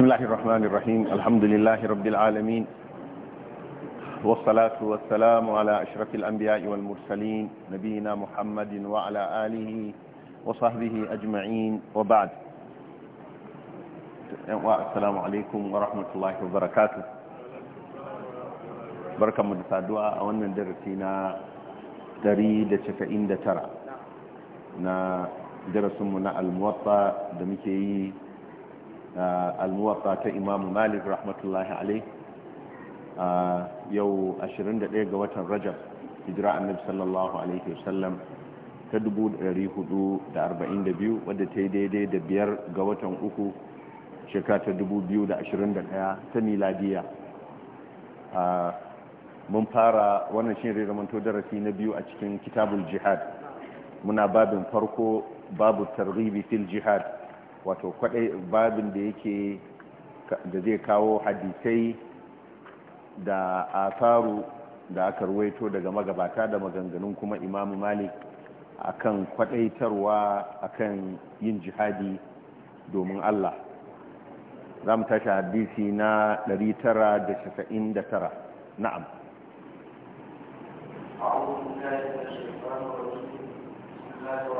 بسم الله الرحمن الرحيم الحمد لله رب العالمين والصلاة والسلام على أشرف الأنبياء والمرسلين نبينا محمد وعلى آله وصحبه أجمعين وبعد السلام عليكم ورحمة الله وبركاته بركة مدفع دعاء أولا درسينا دريد شفئين دترى نا darasinmu na almuwatta almuwafa ta imamu malik rahmatullahi alai yau 21 ga watan rajab hijira annabi sallallahu alaihi wasallam ta 442 wadda ta yi daidai da biyar ga watan uku shekara ta 2021 ta miladiya mun fara wannan shi ne zamanto darasi na biyu a cikin kitabul jihad muna babin farko babu targhibi fil jihad wato kwadai babin da yake da zai kawo hadisai da asaru da aka ruwaito daga magabata da maganganun kuma imamu malik akan kwaɗaitarwa akan yin jihadi domin allah za mu tashi hadisi na 999 na'am أعوذ بالله من الشيطان الرجيم بسم الله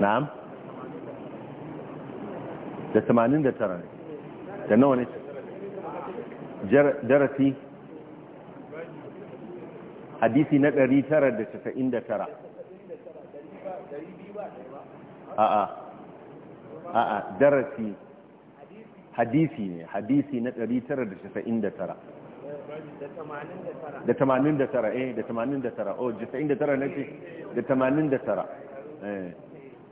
نعم ده 80 ده ترى ده نونس جر درتي حديثي نقري ترى ده 90 ده ترى آه،, اه اه اه درتي حديثي حديثي نقري ترى ده 90 ده ترى da 89 da tara eh da 89 da tara oh 90 da tara nace da 89 da tara eh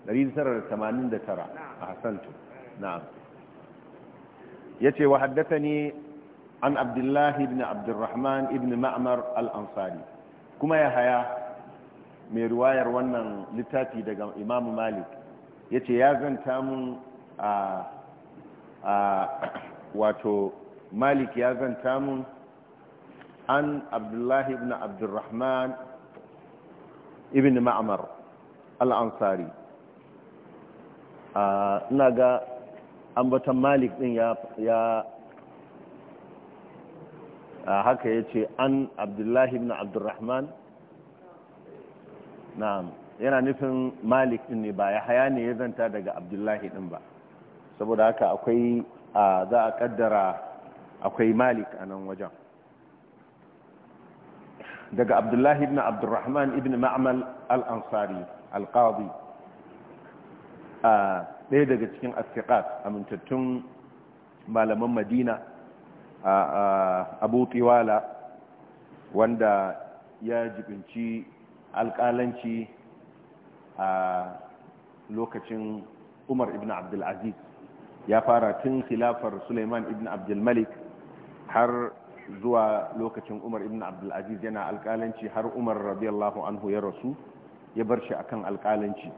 989 ahsantu na'am ce wa ne an abdullahi ibn abdurrahman ibn Ma'amar al-ansari kuma ya haya mai riwayar wannan littafi daga imamu malik ya ce ya zanta mun a wato malik ya zanta mun an abdullahi ibn abdurrahman ibn Ma'amar al-ansari ina ga ambatan malik din ya haka ya ce an abdullahi ibn abdurrahman na'am yana nufin malik din ne ba ya haya ne ya zanta daga abdullahi din ba saboda haka akwai za a kaddara akwai malik a nan wajen daga abdullahi ibn abdurrahman ibn ma'amal al-ansari al-qadi a ɗaya daga cikin a amintattun malaman madina abu tiwala wanda ya jibinci alƙalanci a lokacin umar ibn abdulaziz ya fara tun khilafar suleiman ibn abdulmalik har zuwa lokacin umar ibn abdulaziz yana alƙalanci har umar radiyallahu anhu ya rasu ya bar shi akan alƙalanci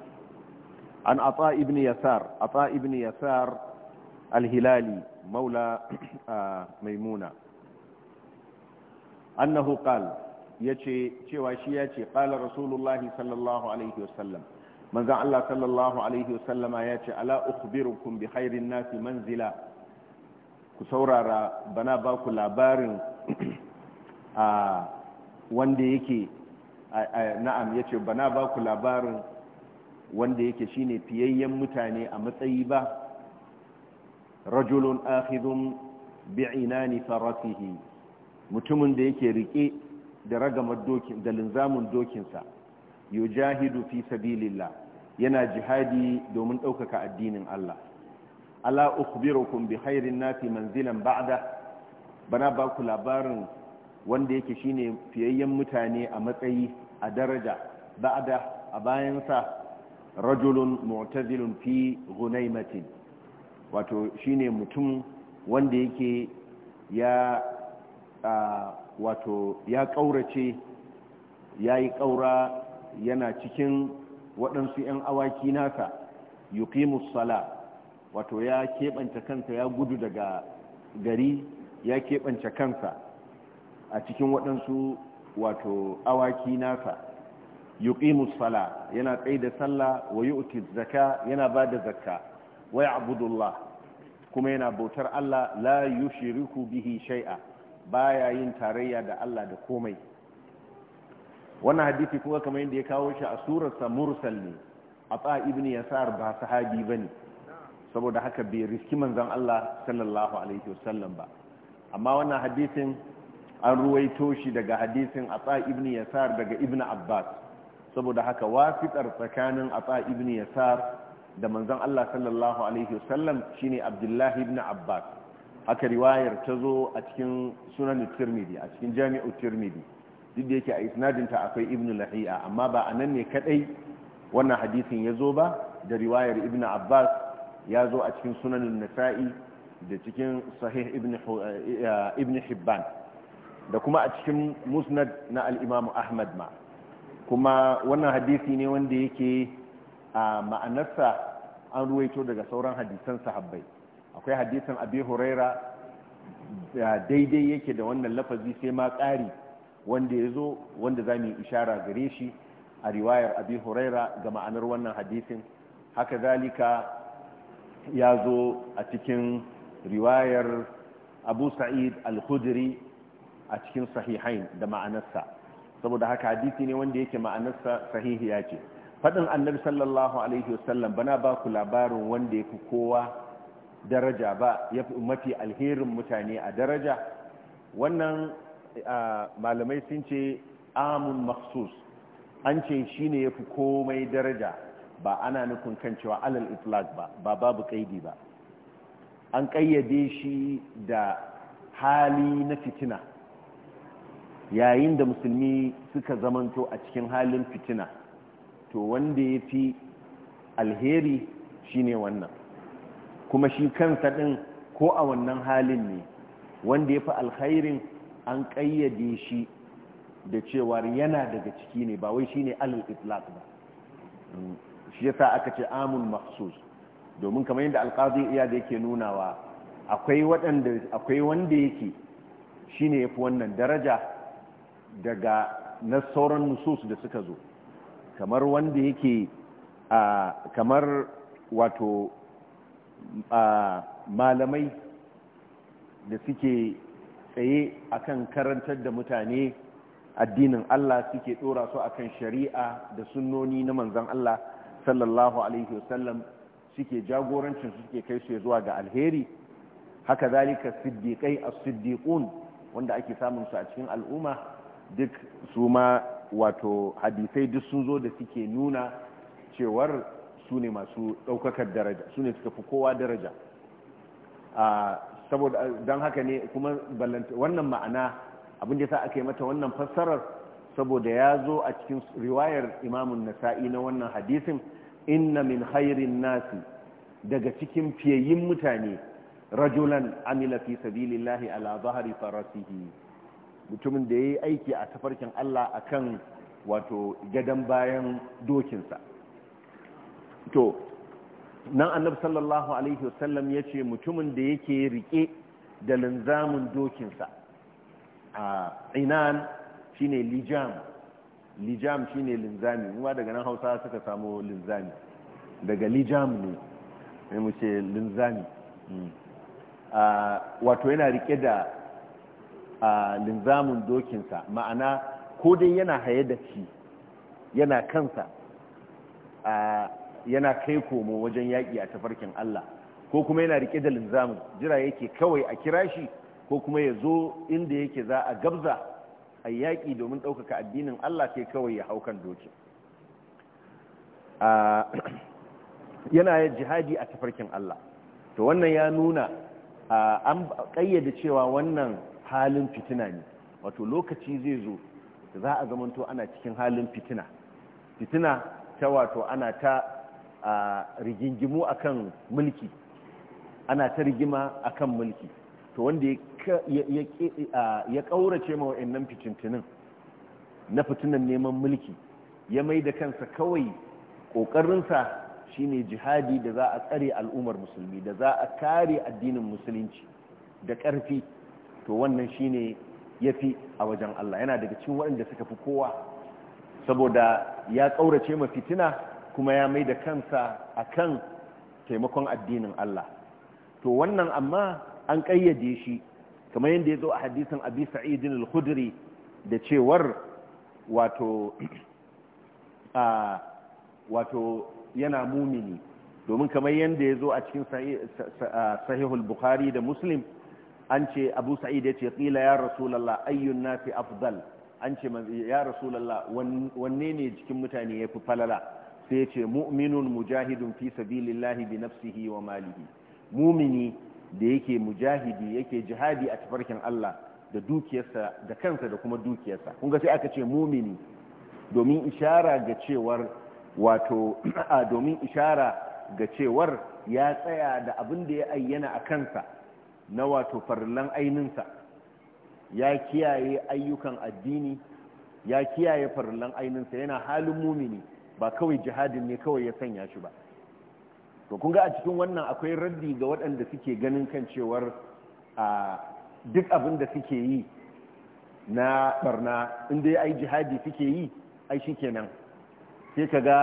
عن عطاء بن يسار عطاء بن يسار الهلالي مولى آه، ميمونة أنه قال يتي تيواشياتي قال رسول الله صلى الله عليه وسلم من ذا الله صلى الله عليه وسلم ياتي ألا أخبركم بخير الناس منزلا كسورة بنا باكو لابار آه وندي يكي آه آه نعم يتي بنا باكو لابار wanda yake shine fiyayyen mutane a matsayi ba rajulun akhidhun bi'inani farasihi mutumin da yake rike da ragamar dokin da linzamin dokinsa yujahidu fi sabilillah yana jihadi domin ɗaukaka addinin Allah ala ukhbirukum bi khairin nasi manzilan ba'da bana ba ku labarin wanda yake shine fiyayyen mutane a matsayi a daraja ba'da a bayan sa. rajulun mu'tazilun fi gunaimatin wato shine mutum wanda yake ya wato ya kaurace ya yi kaura yana cikin waɗansu 'yan awaki nasa yuqimus sala wato ya keɓanta kansa ya gudu daga gari ya keɓanta kansa a cikin waɗansu wato awaki nasa yuqimu sala yana tsai da sallah wa yu'ti zakka yana ba da zakka wa ya'budullah kuma yana bautar Allah la yushriku bihi shay'a baya yin tarayya da Allah da komai wannan hadisi kuma kamar yadda ya kawo shi a surar sa ne a ata ibn yasar ba sahabi bane saboda haka bai riski manzon Allah sallallahu alaihi wasallam ba amma wannan hadisin an ruwaito shi daga hadisin ata ibn yasar daga ibn abbas saboda haka wasiƙar tsakanin atsa ibn yasar da manzan Allah sallallahu alaihi wasallam shine abdullahi ibn abbas haka riwayar ta zo a cikin sunan tirmidhi a cikin jami'u tirmidhi duk da yake a isnadin ta akwai ibn lahiya amma ba anan ne kadai wannan hadisin ya zo ba da riwayar ibn abbas ya zo a cikin sunan nasa'i da cikin sahih ibn eh, hibban da kuma a cikin musnad na al-imam ahmad ma kuma wannan hadisi ne wanda yake a ma'anarsa an ruwaito daga sauran hadisan sahabbai akwai hadisan abi huraira da daidai yake da wannan lafazi sai ma ƙari wanda ya zo wanda za mu ishara gare shi a riwayar abi huraira ga ma'anar wannan hadisin haka zalika ya zo a cikin riwayar abu sa'id al-khudri a cikin sahihain da ma'anarsa saboda haka hadisi ne wanda yake ma'anarsa sahihiya ce faɗin annabi sallallahu alaihi wasallam bana ba ku labarin wanda ya fi kowa daraja ba ya fi mafi alherin mutane a daraja wannan malamai sun ce amun maksus an ce shi ne ya fi komai daraja ba ana nufin kan cewa alal itlaq ba ba babu kaidi ba an kayyade shi da hali na fitina yayin da musulmi suka zamanto a cikin halin fitina to wanda ya fi alheri shine wannan kuma shi kansa ɗin ko a wannan halin ne wanda ya fi alkhairin an ƙayyade shi da cewa yana daga ciki ne ba wai mm, shi ne alal islaq ba shi ya sa aka ce amun maksus domin kamar yadda alkazi iya da yake nunawa akwai wanda yake shi ne ya fi wannan daraja daga na sauran nusus da suka zo kamar wanda yake kamar wato malamai da suke tsaye a kan karantar da mutane addinin Allah suke dora su kan shari'a da sunnoni na manzan Allah sallallahu alaihi wasallam suke jagorancin suke kai su zuwa ga alheri haka zalika siddiqai a siddiqun wanda ake samun su a cikin al'umma duk su ma wato hadisai duk sun zo da suke nuna cewar su ne masu ɗaukakar daraja su ne suka fi kowa daraja saboda don haka ne kuma wannan ma'ana abin da sa aka yi mata wannan fassarar saboda ya zo a cikin riwayar imamun nasa'i na wannan hadisin inna min khairin nasi daga cikin fiyayyin mutane rajulan amila fi sabilillahi ala zahari farasihi mutumin da ya yi aiki a tafarkin Allah a kan wato gadon bayan dokinsa to nan annab sallallahu alaihi wasallam ya ce mutumin da yake rike da linzamin dokinsa a inan shine lijam lijam shine linzami kuma daga nan hausa suka samu linzami daga lijam ne ne mu ce linzami hmm. wato yana rike da a linzamin dokinsa ma'ana ko dai yana haye da shi yana kansa yana kai komo wajen yaƙi a tafarkin Allah ko kuma yana rike da linzamin jira yake kawai a kira shi ko kuma ya zo inda yake za a gabza a yaƙi domin ɗaukaka addinin Allah sai kawai ya haukan dokin yana jihadi a tafarkin Allah to wannan ya nuna an ƙayyade cewa wannan halin fitina ne wato lokaci zai zo da za a zamanto ana cikin halin fitina fitina ta wato ana ta rigingimu akan mulki ana ta rigima akan mulki to wanda ya kaurace ma wa'annan fitintinin na fitinan neman mulki ya mai da kansa kawai ƙoƙarinsa shine jihadi da za a tsare al'ummar musulmi da za a kare addinin musulunci da ƙarfi to wannan shine yafi a wajen Allah yana daga cikin waɗanda suka fi kowa saboda ya kaurace ma fitina kuma ya mai da kansa akan taimakon addinin Allah to wannan amma an kayyade shi kamar yadda ya zo a hadisin abi sa'idin al-khudri da cewar wato a wato yana mumini domin kamar yadda ya zo a cikin sahihul bukhari da muslim an ce abu sa'id ya ce ƙila ya rasulallah ayyun fi afdal an ce ya rasulallah wanne ne cikin mutane ya fi falala sai ce mu'minun mujahidun fi sabilillahi bi nafsihi wa malihi mumini da yake mujahidi yake jihadi a tafarkin Allah da dukiyarsa da kansa da kuma dukiyarsa kun ga sai aka ce mumini domin ishara ga cewar wato domin ishara ga cewar ya tsaya da abin da ya ayyana a kansa na wato farlan aininsa ya kiyaye ayyukan addini ya kiyaye farlan aininsa yana halin mumini ba kawai jihadin ne kawai ya sanya shi ba to kun ga a cikin wannan akwai raddi ga waɗanda suke ganin kan cewar a duk abin da suke yi na barna inda ai jihadi suke yi ai shi kenan sai ka ga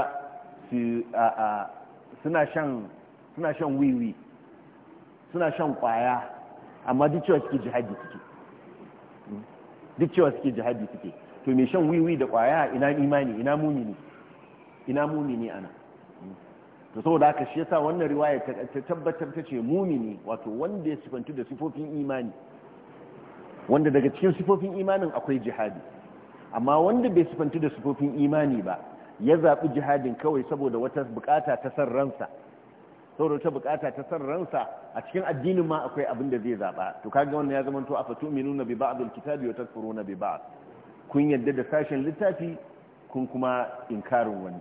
suna shan wiwi suna shan kwaya amma duk cewa suke jihadi suke duk cewa suke jihadi suke to me shan wiwi da kwaya ina imani ina mumini ina mumini ana to saboda haka shi yasa wannan riwaya ta tabbatar ta ce mumini wato wanda ya sifantu da sifofin imani wanda daga cikin sifofin imanin akwai jihadi amma wanda bai sifantu da sifofin imani ba ya zaɓi jihadin kawai saboda wata bukata ta san ransa saboda ta bukata ta san ransa a cikin addinin ma akwai abin da zai zaba to kaga wannan ya zama to afatuminuna bi ba'dul kitabi wa takfuruna bi ba'd kun yadda da sashen littafi kun kuma inkarin wani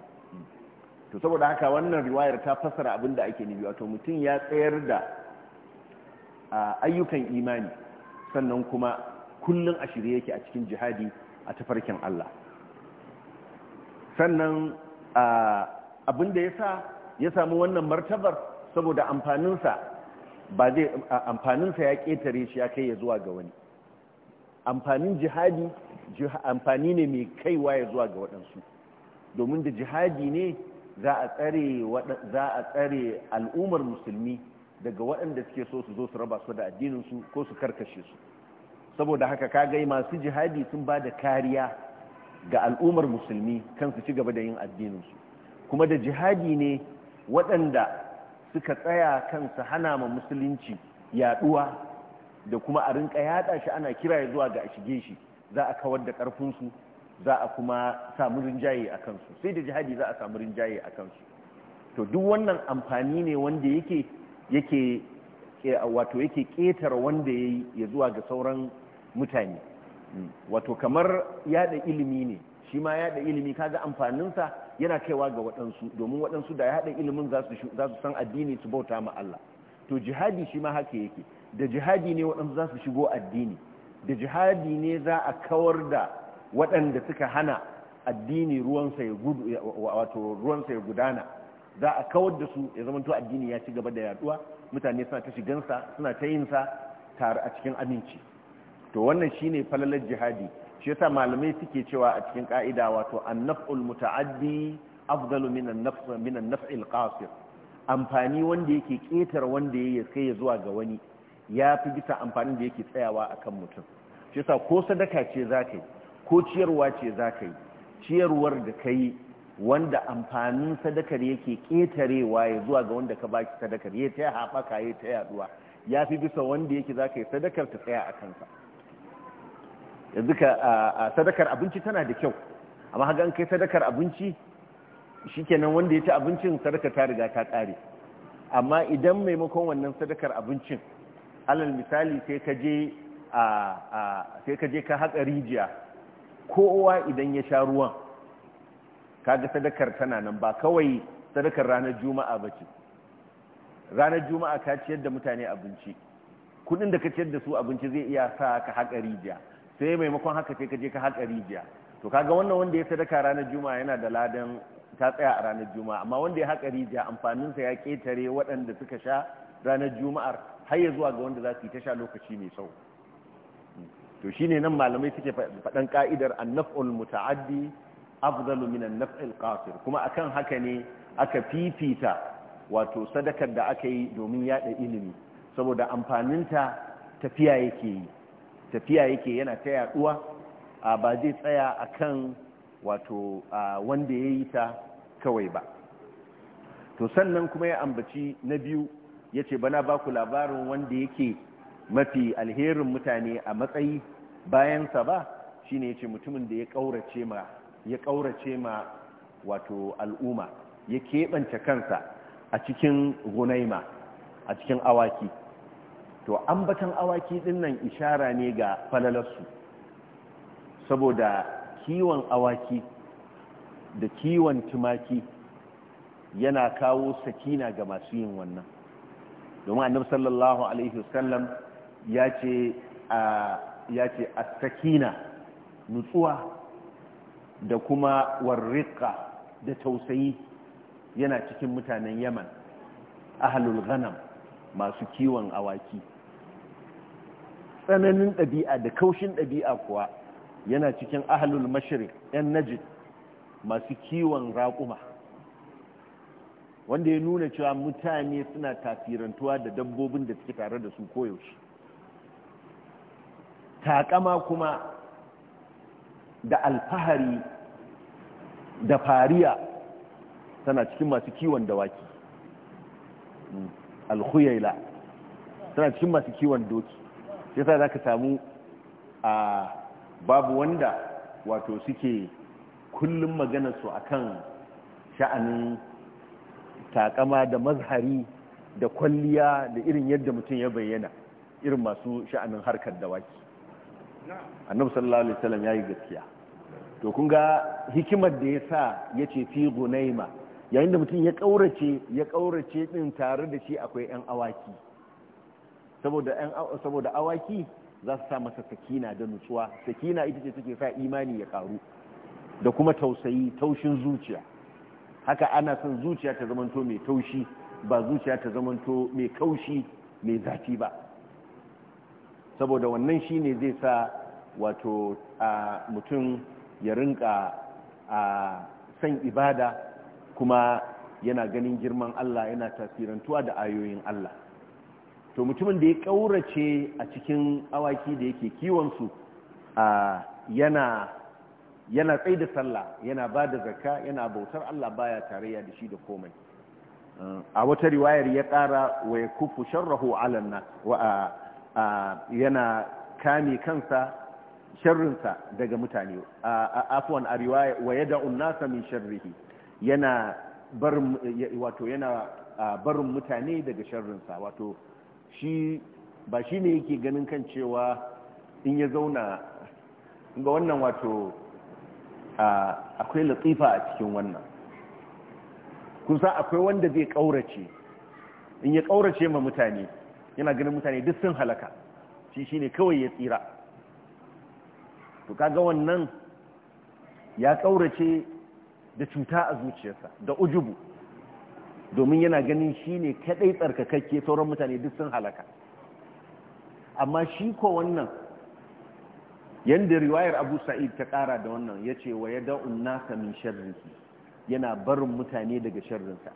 to saboda haka wannan riwayar ta fassara abin da ake nufi wato mutum ya tsayar da ayyukan imani sannan kuma kullun a shirye yake a cikin jihadi a tafarkin Allah sannan abin da ya sa ya samu wannan martabar saboda amfaninsa ba zai amfaninsa ya ƙetare shi ya kai ya zuwa ga wani amfanin jihadi amfani ne mai kaiwa ya zuwa ga waɗansu domin da jihadi ne za a tsare al'ummar musulmi daga waɗanda suke so su zo su raba su da addininsu ko su karkashe su saboda haka ka kagai masu jihadi sun ba da kariya ga al'ummar musulmi kan su ci gaba da yin addininsu kuma da jihadi ne waɗanda suka tsaya kan su hana ma musulunci yaɗuwa da kuma a rinka yaɗa shi ana kira ya zuwa ga a shige shi za a kawar da ƙarfinsu za a kuma samu rinjaye a kansu sai da jihadi za a samu rinjaye a kansu to duk wannan amfani ne wanda yake yake wato yake ƙetare wanda ya yi ya zuwa ga sauran mutane hmm. wato kamar yada ilimi ne shi ma ya da ilimi kaga sa yana kaiwa ga waɗansu domin waɗansu da ya haɗa ilimin za su san addini su bauta ma Allah to jihadi shi ma haka yake da jihadi ne waɗansu za su shigo addini da jihadi ne za a kawar da waɗanda suka hana addini ruwansa ya gudu wato ruwansa ya gudana za a kawar da su ya zama to addini ya ci gaba da yaduwa mutane suna ta shigansa suna ta yin sa tare a cikin aminci to wannan shine falalar jihadi shi yasa malamai suke cewa a cikin ka'ida wato annaf'ul muta'addi afdalu min an min nafil qasir amfani wanda yake ketar wanda yake kai zuwa ga wani ya fi bisa amfanin da yake tsayawa akan mutum shi yasa ko sadaka ce zakai ko ciyarwa ce zakai ciyarwar da kai wanda amfanin sadakar yake ketarewa ya zuwa ga wanda ka baki sadakar ya ta haɓaka ya ta yaduwa ya fi bisa wanda yake za sadakar ta tsaya a kansa yanzu ka sadakar abinci tana da kyau amma haka an kai sadakar abinci shikenan wanda ya ci abincin sadaka ta riga ta kare amma idan maimakon wannan sadakar abincin alal misali sai ka je ka je ka haƙa rijiya kowa idan ya sha ruwan kaga sadakar tana nan ba kawai sadakar ranar juma'a ba ce ranar juma'a ka ciyar da mutane abinci kudin da ka ciyar da su abinci zai iya sa ka haƙa rijiya sai maimakon haka sai ka je ka haƙa rijiya to kaga wannan wanda ya sadaka ranar juma'a yana da ladan ta tsaya a ranar juma'a amma wanda ya haƙa rijiya sa ya ƙetare waɗanda suka sha ranar juma'ar har ya zuwa ga wanda za su yi ta sha lokaci mai sau to shine nan malamai suke faɗan ka'idar annaf'ul muta'addi afdalu min annaf'il qasir kuma akan haka ne aka fifita wato sadakar da aka yi domin yada ilimi saboda amfaninta tafiya yake yi tafiya yake yana ta yaduwa ba zai tsaya a kan wato wanda ya yi ta kawai ba to sannan kuma ya ambaci na biyu ya ce bana ba ku labarin wanda yake mafi alherin mutane a matsayi bayansa ba shi ne ya ce mutumin da ya kaurace ya ƙaurace ma wato al'umma ya keɓance kansa a cikin gunaima a cikin awaki to ambatan awaki din nan ishara ne ga falalarsu saboda kiwon awaki da kiwon tumaki yana kawo sakina ga masu yin wannan domin annabi sallallahu alaihi wasallam ya ce ya ce as-sakina nutsuwa da kuma warriqa da tausayi yana cikin mutanen Yaman ahlul ghanam masu kiwon awaki tsananin ɗabi'a da kaushin ɗabi'a kuwa yana cikin ahalul mashirin 'yan najid masu kiwon raƙuma wanda ya nuna cewa mutane suna tafirantuwa da dabbobin da suke tare da su koyaushe taƙama kuma da alfahari da fariya tana cikin masu kiwon dawaki hmm. alkhuyaila tana cikin masu kiwon doki yasa za ka samu a babu wanda wato suke kullum maganarsu a kan sha'anin takama da mazhari da kwalliya da irin yadda mutum ya bayyana irin masu sha'anin harkar dawaki annabu sallallahu alaihi wasallam yi gaskiya to kun ga hikimar da ya yasa yace fi gunaima yayin da mutum ya kaurace ya kaurace ɗin tare da shi akwai yan awaki saboda awaki za su sa masa sakina da nutsuwa sakina ita ce take sa imani ya karu da kuma tausayi taushin zuciya haka ana son zuciya ta zamanto mai taushi ba zuciya ta zamanto mai kaushi mai zafi ba saboda wannan shine zai sa wato mutum ya rinka a san ibada kuma yana ganin girman Allah yana tasirantuwa da ayoyin Allah to mutumin da ya ƙaurace a cikin awaki da yake kiwonsu yana yana tsaye da sallah yana ba da zakka yana bautar Allah baya tarayya da shi da komai a wata riwayar ya ƙara wa ya kufu sharrahu alanna yana kame kansa sharrinsa daga mutane A afwan a riwaya wa ya da'un nasa min sharrihi yana barin wato yana barin mutane daga sharrinsa wato shi ba shi ne yake ganin kan cewa in ya zauna ga wannan wato akwai latifa a cikin wannan kusa akwai wanda zai ƙaurace in ya ƙaurace ma mutane yana ganin mutane duk sun halaka shi shi ne kawai ya tsira to kaga wannan ya ƙaurace da cuta a zuciyarsa da ujubu domin yana ganin shi ne kaɗai tsarkakakke sauran mutane duk sun halaka amma shi ko wannan yadda riwayar abu sa'id ta ƙara da wannan ya ce wa ya da'un nasa min sharrinsu yana barin mutane daga sharrinsa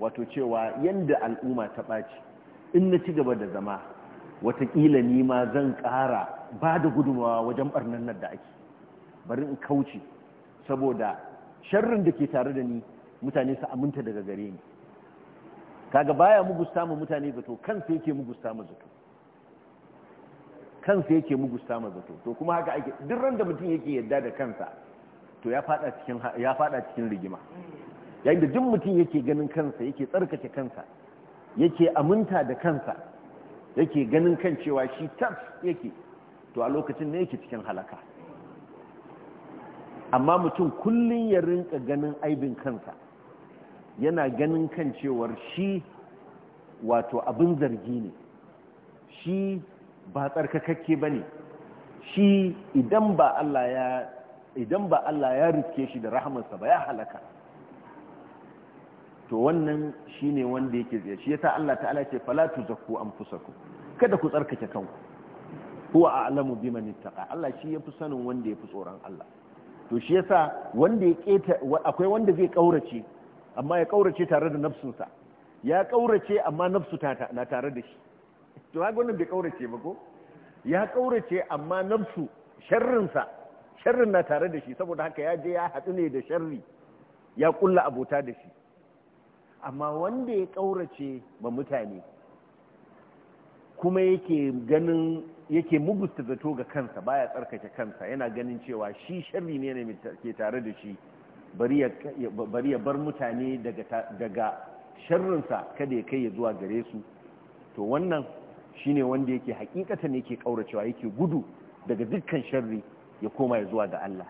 wato cewa yadda al'umma ta ɓaci in na ci gaba da zama watakila ni ma zan ƙara ba da gudunmawa wajen ɓarnar nan da ake bari in kauce saboda sharrin da ke tare da ni mutane su aminta daga gare ni kaga baya mugusta mu mutane zato kansa yake mugusta mu zato kansa yake mugusta mu zato to kuma haka ake duk randa da mutum yake yadda da kansa to ya fada cikin ya fada cikin rigima yayin da duk mutum yake ganin kansa yake tsarkake kansa yake aminta da kansa yake ganin kan cewa shi tas yake to a lokacin ne yake cikin halaka amma mutum kullun ya rinka ganin aibin kansa yana ganin kan cewar shi wato abin zargi ne shi ba tsarkakakke ba ne shi idan ba Allah ya rike shi da rahamarsa ba ya halaka to wannan shi ne wanda yake zai shi ya sa Allah ta'ala ce fala an fusaku kada ku tsarkake kanku huwa a'lamu biman ittaqa Allah shi yafi sanin wanda yafi tsoron Allah to shi yasa wanda ya keta akwai wanda zai kaurace amma ya kaurace tare da nafsunsa ya kaurace amma nafsu na tare da shi to haka wannan bai ƙaurace ba ko ya kaurace amma nafsu sharrinsa sharrin na tare da shi saboda haka ya je ya haɗu ne da sharri ya ƙulla abota da shi amma wanda ya ƙaurace ba mutane kuma yake ganin yake mugusta zato ga kansa baya tsarkake kansa yana ganin cewa shi sharri ne ne ke tare da shi bari ya bar mutane daga sharrinsa kada ya kai ya zuwa gare su to wannan shi ne wanda yake hakikatan yake kauracewa yake gudu daga dukkan sharri ya koma ya zuwa ga Allah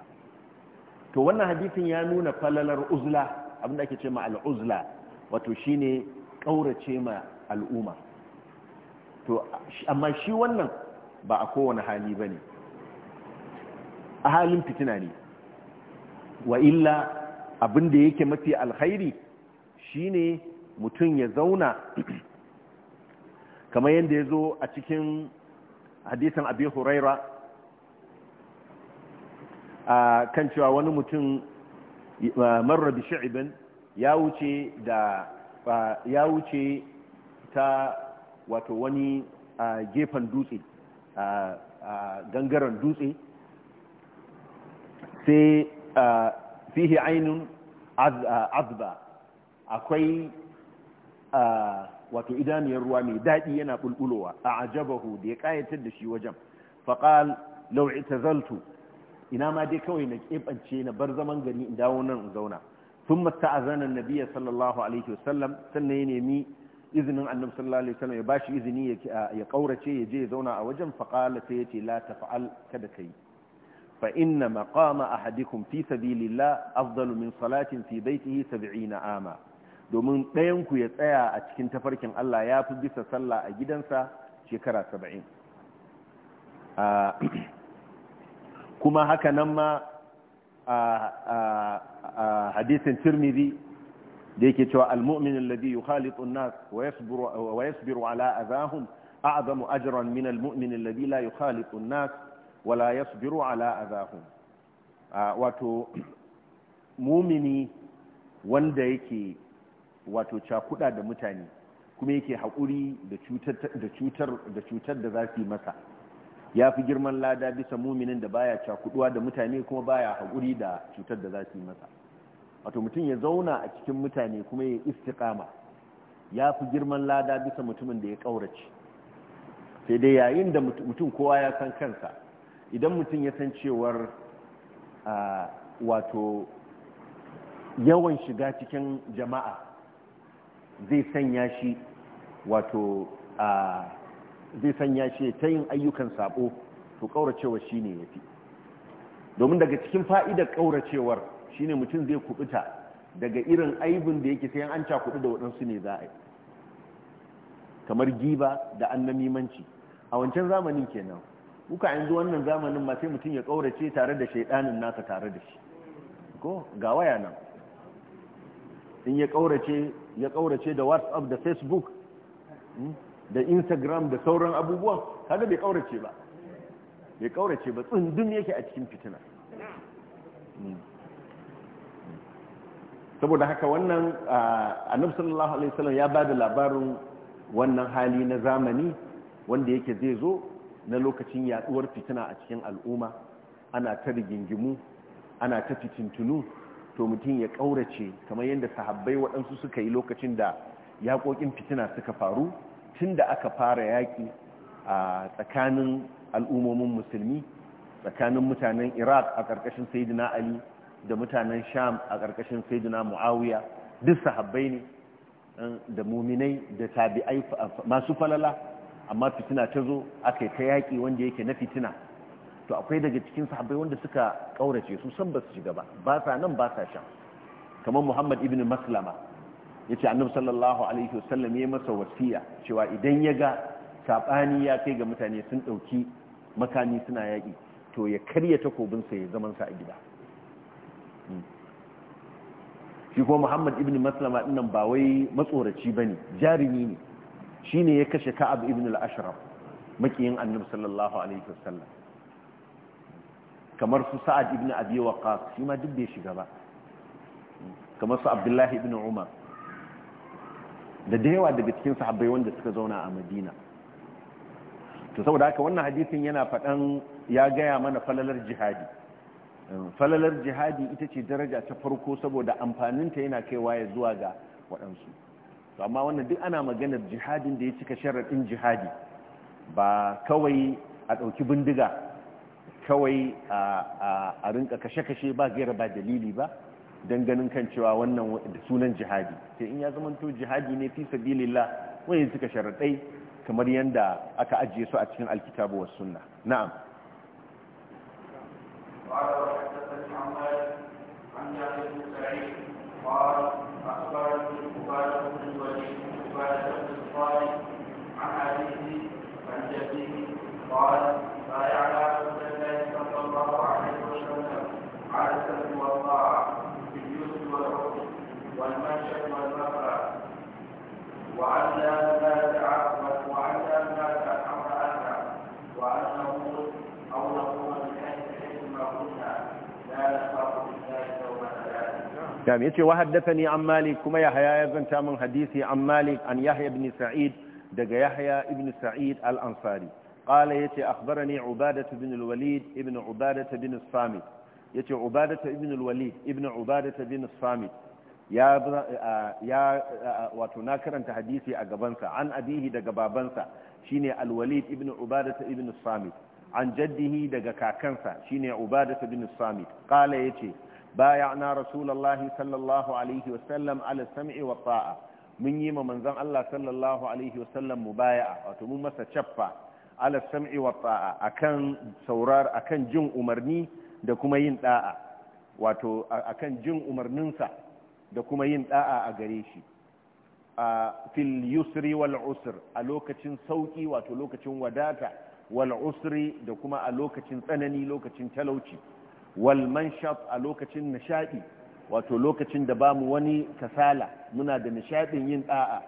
to wannan hadisin ya nuna falalar uzla abinda ake ce ma al'uzla wato shi ne kaurace ma al'umma to amma shi wannan ba a kowane hali ba ne, a halin fitina ne wa illa abin da yake mafi alkhairi shine mutum ya zauna kamar yadda ya zo a cikin hadisan abi huraira a kan cewa wani mutum marar bi ya wuce da ya wuce ta wato wani gefen dutse gangaren dutse sai fihi ainun azba akwai wato idaniyar ruwa mai daɗi yana bulbulowa a ajabahu da ya ƙayatar da shi wajen faƙal lau'i ta zaltu ina ma dai kawai na keɓance na bar zaman gani in dawo nan in zauna sun masta a zanen nabiya sallallahu alaihi wasallam sannan ya nemi izinin annabi sallallahu alaihi wasallam ya shi izini ya ƙaurace ya je ya zauna a wajen faƙala sai ya ce la fa'al kada ka yi فإن مقام أحدكم في سبيل الله أفضل من صلاة في بيته سبعين آما دومن دينكو يتأيى أتكين تفركين الله يابدس صلى أجدنسا شكرا سبعين آه، كما هكا نما آه، آه، حديث ترمذي ديكي توا المؤمن الذي يخالط الناس ويصبر, ويصبر على أذاهم أعظم أجرا من المؤمن الذي لا يخالط الناس wala yasbiru ala azahum wato mumini wanda yake wato cakuda da mutane kuma yake haƙuri da cutar da cutar za su yi masa ya fi girman lada bisa muminin da baya cakuduwa da mutane kuma baya haƙuri da cutar da za su yi masa wato mutum ya zauna a cikin mutane kuma ya istiqama ya fi girman lada bisa mutumin da ya ƙaurace sai dai yayin da mutum kowa ya san kansa idan mutum ya san cewar wato yawan shiga cikin jama'a zai sanya shi wato zai sanya shi ta yin ayyukan sabo to kauracewa shi ne ya fi domin daga cikin fa'idar kauracewar shi ne mutum zai kubuta daga irin aibin da yake sayan an cakudu da waɗansu ne za a kamar giba da annamimanci a wancan zamanin kenan kuka yanzu wannan zamanin ma sai mutum ya kaurace tare da shaidanin nasa tare da shi ko ga waya nan in ya kaurace ya ƙaurace da whatsapp da facebook hmm, da instagram da sauran abubuwan haɗu bai kaurace ba bai kaurace ba tsundun yake a cikin fitina hmm. saboda haka wannan a sallallahu alaihi wasallam ya bada labarin wannan hali na zamani wanda yake zai zo na lokacin yaduwar fitina a cikin al'umma ana ta rigingimu ana ta fitintunu to mutum ya kaurace kamar yadda sahabbai waɗansu suka yi lokacin da yaƙoƙin fitina suka faru tun da aka fara yaƙi a tsakanin al'ummomin musulmi tsakanin mutanen iraq a ƙarƙashin saidina ali da mutanen sham a ƙarƙashin saidina muawiya duk sahabbai ne eh, da muminai da tabi'ai masu falala amma fitina ta zo aka yi ta yaƙi wanda yake na fitina to akwai daga cikin sahabbai wanda suka ƙaurace su san ba su shiga ba ba sa nan ba sa shan kamar muhammad ibn maslama ya ce annabu sallallahu alaihi wasallam ya masa wasiya cewa idan ya ga saɓani ya kai ga mutane sun ɗauki makami suna yaƙi to ya karya takobinsa ya zamansa a gida hmm. shi kuma muhammad ibn maslama ɗinnan ba wai matsoraci ba ne jarumi ne Shi ne ya kashe ka'ab ibn al-ashraf makiyin annabi sallallahu alaihi wasallam kamar su sa'ad ibn abi waqas shi ma duk bai shiga ba kamar su abdullahi ibn umar da da yawa daga cikin sahabbai wanda suka zauna a madina to saboda haka wannan hadisin yana faɗan ya gaya mana falalar jihadi falalar jihadi ita ce daraja ta farko saboda amfaninta yana kaiwa ya zuwa ga waɗansu to amma wannan duk ana maganar jihadin da ya cika sharaɗin jihadi ba kawai a ɗauki bindiga kawai a rinka kashe-kashe ba gaira ba dalili ba don ganin kan cewa wannan sunan jihadi sai in ya zama to jihadi ne fi sabilillah wani cika sharaɗai kamar yadda aka ajiye su a cikin alkitabu wasu sunna na'am عن بن سعيد قال أخبرني عبادة بن الوليد عبادة بن الصالح عن أبيه عن جده قال بايعنا رسول الله صلى الله عليه وسلم على السلم والطاعة باليسر والعسر والمنشأ والمخرج وأن لا نبادع وأن لا نبادع أمرأنا وأن نقول أو نقول من لا نخاف بالله يوم لا نعم يتي وحدثني عن مالك كما يحيى يزنت من حديثي عن مالك عن يحيى بن سعيد دق يحيى بن سعيد الأنصاري قال يتي أخبرني عبادة بن الوليد ابن عبادة بن الصامت يتي عبادة بن الوليد ابن عبادة بن الصامت يا يا وتناكر انت حديثي أقبنسا عن أبيه دق بابنسا شيني الوليد ابن عبادة ابن الصامت عن جده دق كاكنسا شيني عبادة بن الصامت قال يتي بايعنا رسول الله صلى الله عليه وسلم على السمع والطاعة من يما منزل الله صلى الله عليه وسلم مبايعة وتمو مسا على السمع والطاعة أكن سورار أكن جن أمرني da kuma yin da'a wato akan jin umarninsa da kuma yin da'a a gare shi a fil yusri wal usr a lokacin sauki wato lokacin wadata wal usri da kuma a lokacin tsanani lokacin talauci wal a lokacin nishadi wato lokacin da bamu wani kasala muna da nishadin yin ɗa'a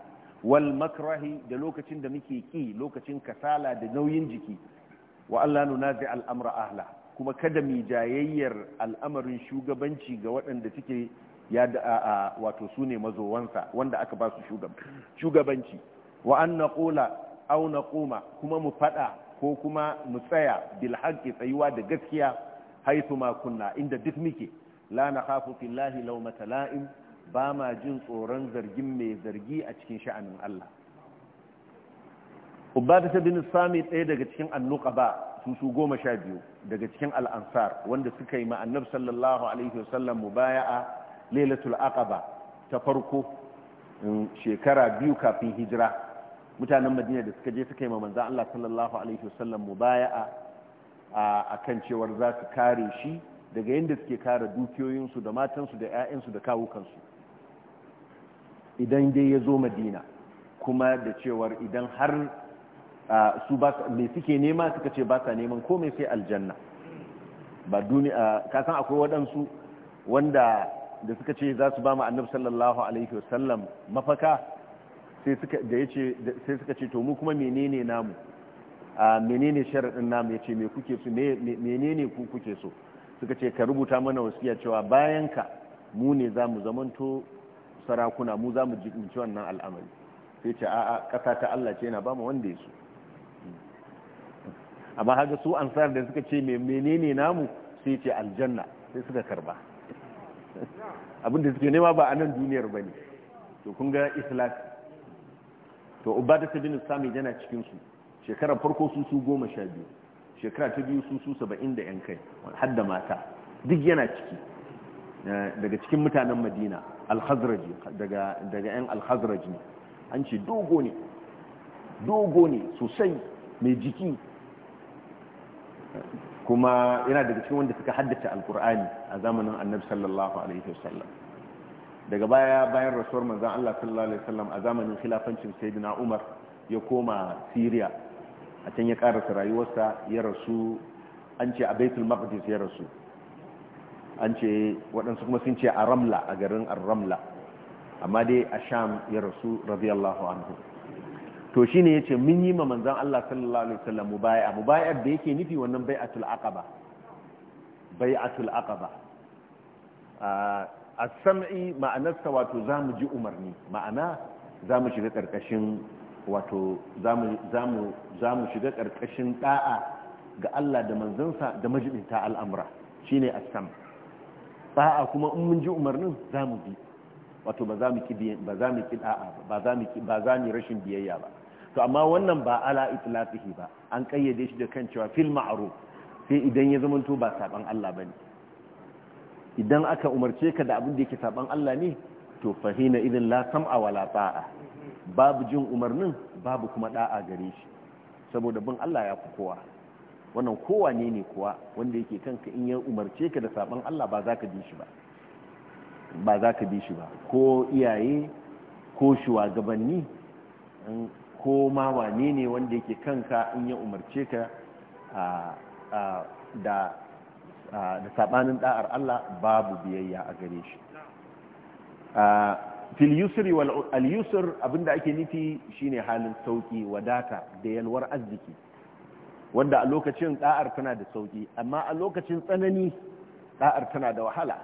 walmakrahi da lokacin da muke ƙi lokacin kasala da nauyin jiki wa Allah nunazi al'amra ahla kuma kada mu jayayyar al'amarin shugabanci ga waɗanda suke ya da wato su ne mazowansa wanda aka ba su shugabanci wa an naqula aw kuma mu faɗa ko kuma mu tsaya bil tsayuwa da gaskiya haithu ma kunna inda duk muke la khafu fillahi law la'im ba ma jin tsoron zargin mai zargi a cikin sha'anin Allah Ubada ta bin Sami ɗaya daga cikin annuqaba su su goma sha biyu daga cikin al'ansar wanda suka yi ma'annab sallallahu alaihi wasallam mubaya'a lailatul aqaba ta farko shekara biyu kafin hijira mutanen Madina da suka je suka yi ma Allah sallallahu alaihi wasallam mubaya'a a kan cewar za su kare shi daga yadda suke kare dukiyoyinsu da matansu da 'ya'yansu da kawukansu idan dai ya zo madina kuma da cewar idan har su mai suke nema suka ce ba sa neman komai sai aljanna ba duniya kasan akwai waɗansu wanda da suka ce za su ba mu annabi sallallahu alaihi wasallam mafaka sai suka ce to mu kuma menene namu menene sharaɗin namu ya ce me kuke so menene ku kuke so suka ce ka rubuta mana wasiya cewa bayan ka mu ne za mu zamanto sarakuna mu za mu jibinci wannan al'amari sai ce a'a ƙasa ta Allah ce yana ba mu wanda ya so amma haka su ansar da suka ce menene namu sai ce aljanna sai suka karba Abin da suke nema ba a nan duniyar ba ne to kun ga islas to ubba da bin sami yana cikinsu shekarar farko su su goma sha biyu shekara ta biyu su su saba'in da yan kai har da mata duk yana ciki eh, daga cikin mutanen madina alhazraji daga yan alhazraji an ce dogo ne dogo ne sosai mai jiki kuma yana daga cikin wanda suka haddace alkur'ani a zamanin annabi sallallahu alaihi wasallam daga baya bayan rasuwar manzon Allah sallallahu alaihi wasallam a zamanin khilafancin sayyidina Umar ya koma Syria a can ya karasa rayuwarsa ya rasu an ce a baitul maqdis ya rasu an ce waɗansu kuma sun ce a ramla a garin ramla amma dai a sham ya rasu radiyallahu anhu to shine ce mun yi ma manzan Allah sallallahu alaihi wasallam mu baya da yake nufi wannan bai'atul aqaba bai'atul aqaba a sam'i ma'anarsa wato mu ji umarni ma'ana za mu shiga ƙarƙashin. wato za mu shiga ƙarƙashin ɗa'a ga Allah da manzansa da majibinta al'amura shi ne assam ɗa'a kuma in mun ji umarnin za mu bi wato ba za mu ƙi ɗa'a ba za mu rashin biyayya ba to amma wannan ba ala itilafihi ba an ƙayyade shi da kan cewa fil ma'aru sai idan ya zamanto ba saɓan Allah ba ne idan aka umarce ka da abin da yake saɓan Allah ne to fahina idan la sam'a wala ta'a babu jin umarnin babu kuma da'a gare shi saboda bin Allah ya fi kowa wannan kowa ne ne kuwa wanda yake kanka in ya umarce ka da sabon Allah ba za ka bi shi ba ba za ka bi shi ba ko iyaye ko shugabanni ko ma wane ne wanda yake kanka in ya umarce ka da da sabanin da'ar Allah babu biyayya a gare shi fil yusri wal al yusr abinda ake nufi shine halin sauki wadata da yalwar arziki wanda a lokacin da'ar tana da sauki amma a lokacin tsanani da'ar tana da wahala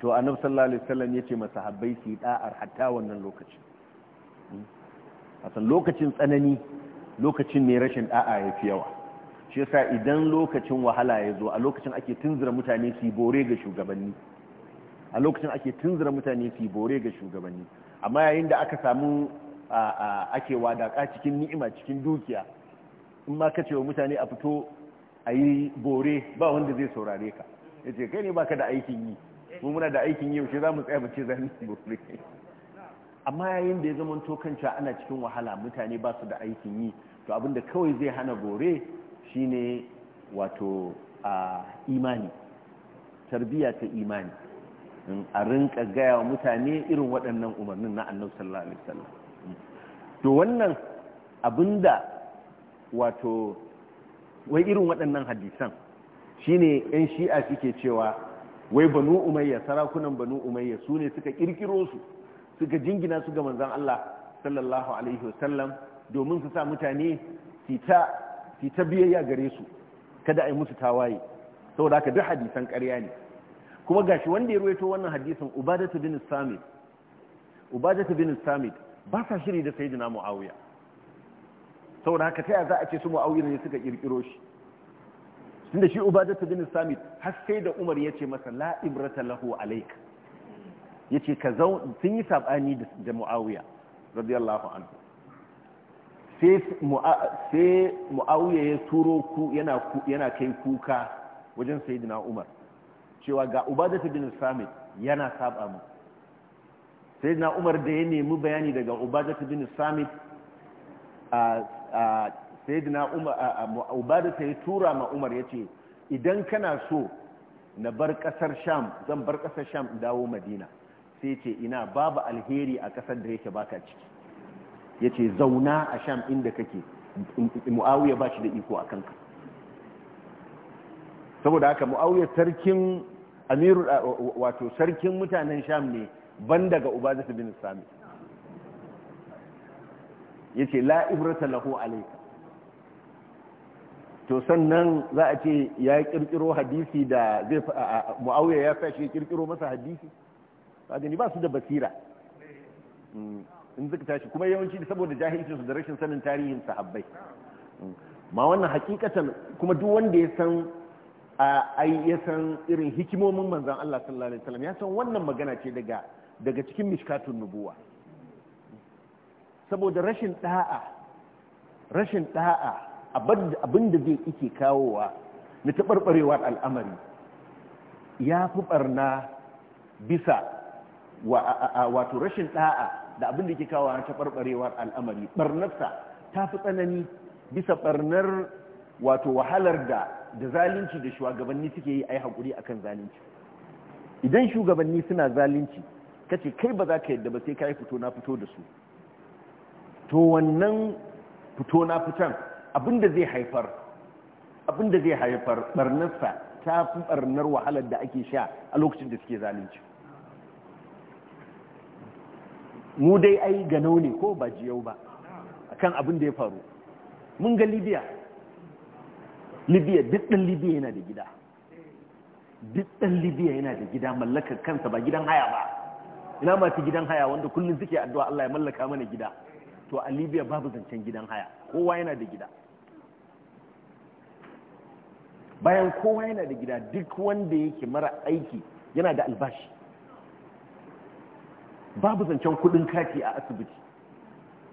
to annabi sallallahu alaihi wasallam yace masahabbai su da'ar hatta wannan lokacin hmm? asan lokacin tsanani lokacin mai rashin da'a ya fi yawa shi yasa idan lokacin wahala ya zo a lokacin ake tunzura mutane su bore ga shugabanni a lokacin ake tunzura mutane su bore ga shugabanni amma yayin da aka samu ake wadaka cikin ni'ima cikin dukiya in ma ka ce wa mutane a fito a yi bore ba wanda zai saurare ka ya ce kai ne ba ka da aikin yi mu muna da aikin yi yaushe za mu tsaya mace za mu bore amma yayin da ya zama to kanta ana cikin wahala mutane ba su da aikin yi to abinda kawai zai hana bore shine wato imani tarbiya ta imani a rinka gaya wa mutane irin waɗannan umarnin na annabi sallallahu alaihi wasallam to wannan abinda wato wai irin waɗannan hadisan shine yan shi'a suke cewa wai banu umayya sarakunan banu umayya su ne suka kirkiro su suka jingina su ga manzon Allah sallallahu alaihi wasallam domin su sa mutane fita ta biyayya gare su kada ai musu tawaye saboda haka duk hadisan ƙarya ne kuma gashi wanda ya ruwaito wannan hadisin ubadatu bin samit ubadatu bin samit ba sa shiri da sayyidina muawiya saboda haka taya za a ce su muawiya ne suka kirkiro shi da shi ubadatu bin samit har sai da umar ya ce masa la ibrata lahu alayka yace ka zaun sun yi sabani da muawiya radiyallahu anhu sai muawiya ya turo ku yana yana kai kuka wajen sayyidina umar cewa ga ubadatu bin samit yana saba mu sai na umar da ya nemi bayani daga ubadatu bin samit sai na ubadatu ya tura ma umar ya ce idan kana so na bar kasar sham zan bar kasar sham dawo madina sai ce ina babu alheri a kasar da yake baka ciki ya ce zauna a sham inda kake mu'awiyar ba shi da iko a kanka saboda haka mu'awiyar sarkin amiru wato sarkin mutanen sham ne ban daga ubadatu bin sami yace la ibrata lahu alayka to sannan za a ce ya kirkiro hadisi da zai muawiya ya fashi kirkiro masa hadisi kaga ni ba su da basira mm. in suka tashi kuma yawanci saboda jahilcinsu da rashin sanin tarihin sahabbai mm. ma wannan hakikatan kuma duk wanda ya san ai ya san irin hikimomin manzan Allah sallallahu alaihi wasallam ya san wannan magana ce daga daga cikin mishkatun nubuwa saboda rashin da'a rashin da'a abin da zai ike kawowa na taɓarɓarewar al'amari ya fi ɓarna bisa wato rashin da'a da abin da ke kawowa na taɓarɓarewar al'amari ɓarnarsa ta fi tsanani bisa ɓarnar wato wahalar da da zalunci da shugabanni suke yi ai hakuri akan zalunci idan shugabanni suna zalunci kace kai ba za ka yadda ba sai ka yi fito na fito da su to wannan fito na fitan abinda zai haifar abinda zai haifar barnarsa ta fi barnar wahalar da ake sha a lokacin da suke zalunci mu dai ai ganau ne ko ba jiyau ba akan abin da ya faru mun ga libya libya duk ɗan libya yana da gida duk ɗan libya yana da gida mallakar kansa ba gidan haya ba ina ta gidan haya wanda kullum suke addu'a Allah ya mallaka mana gida to a libya babu zancen gidan haya kowa yana da gida bayan kowa yana da gida duk wanda yake mara aiki yana da albashi babu zancen kudin kati a asibiti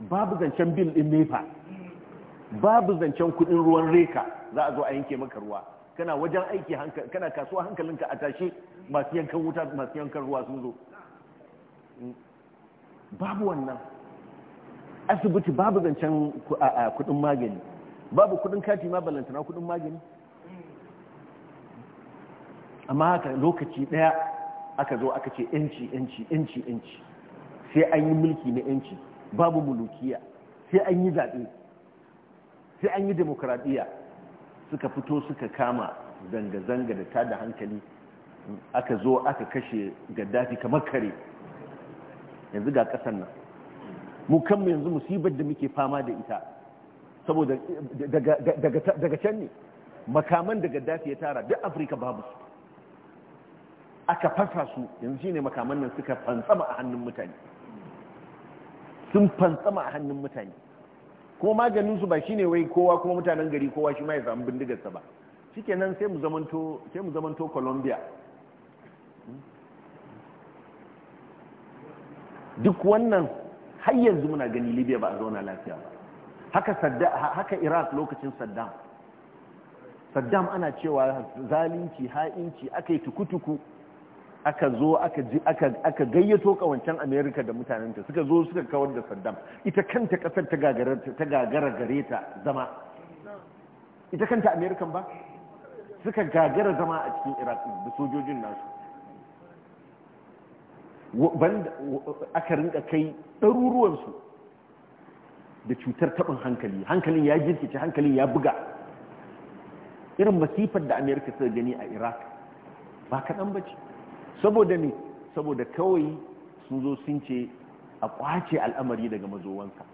babu zancen bil din nefa babu zancen kudin ruwan reka za a zo a yanke maka ruwa kana wajen aiki kana kasuwa hankalinka a tashi masu yankan wuta masu yankan ruwa sun zo babu wannan asibiti babu zancen kudin magani babu kudin kati ma balantana kudin magani amma haka lokaci daya aka zo aka ce yanci yanci yanci yanci sai an yi mulki na yanci babu mulukiya sai an yi zaɓe sai an yi demokradiyya suka fito suka kama zanga-zanga da tada hankali aka zo aka kashe gaddafi kamar kare yanzu ga ƙasar nan mu kanmu yanzu musibar da muke fama da ita saboda daga can ne makaman da gaddafi ya tara duk afirka babu su aka fasa su yanzu shine makaman nan suka fantsama a hannun mutane sun fantsama a hannun mutane ko maganin su ba shine wai kowa kuma mutanen gari kowa shi ma ya samu bindigar sa ba shikenan sai mu zamanto sai mu zamanto Colombia duk wannan har yanzu muna gani Libya ba zauna lafiya ba haka Iraq lokacin Saddam Saddam ana cewa zalunci ha'inci akai tukutuku aka zo aka gayyato kawancen america da mutanenta suka zo suka kawar da saddam ita kanta kasar ta gagara gare ta zama ita kanta amerikan ba suka gagara zama a cikin iraq da sojojin nasu aka rinka kai ɗaruruwansu da cutar taɓin hankali hankalin ya jirkice hankalin ya buga irin masifar da amerika suka gani a iraq ba kaɗan ba ce saboda ne saboda kawai sun zo sun ce a kwace al'amari daga mazowansa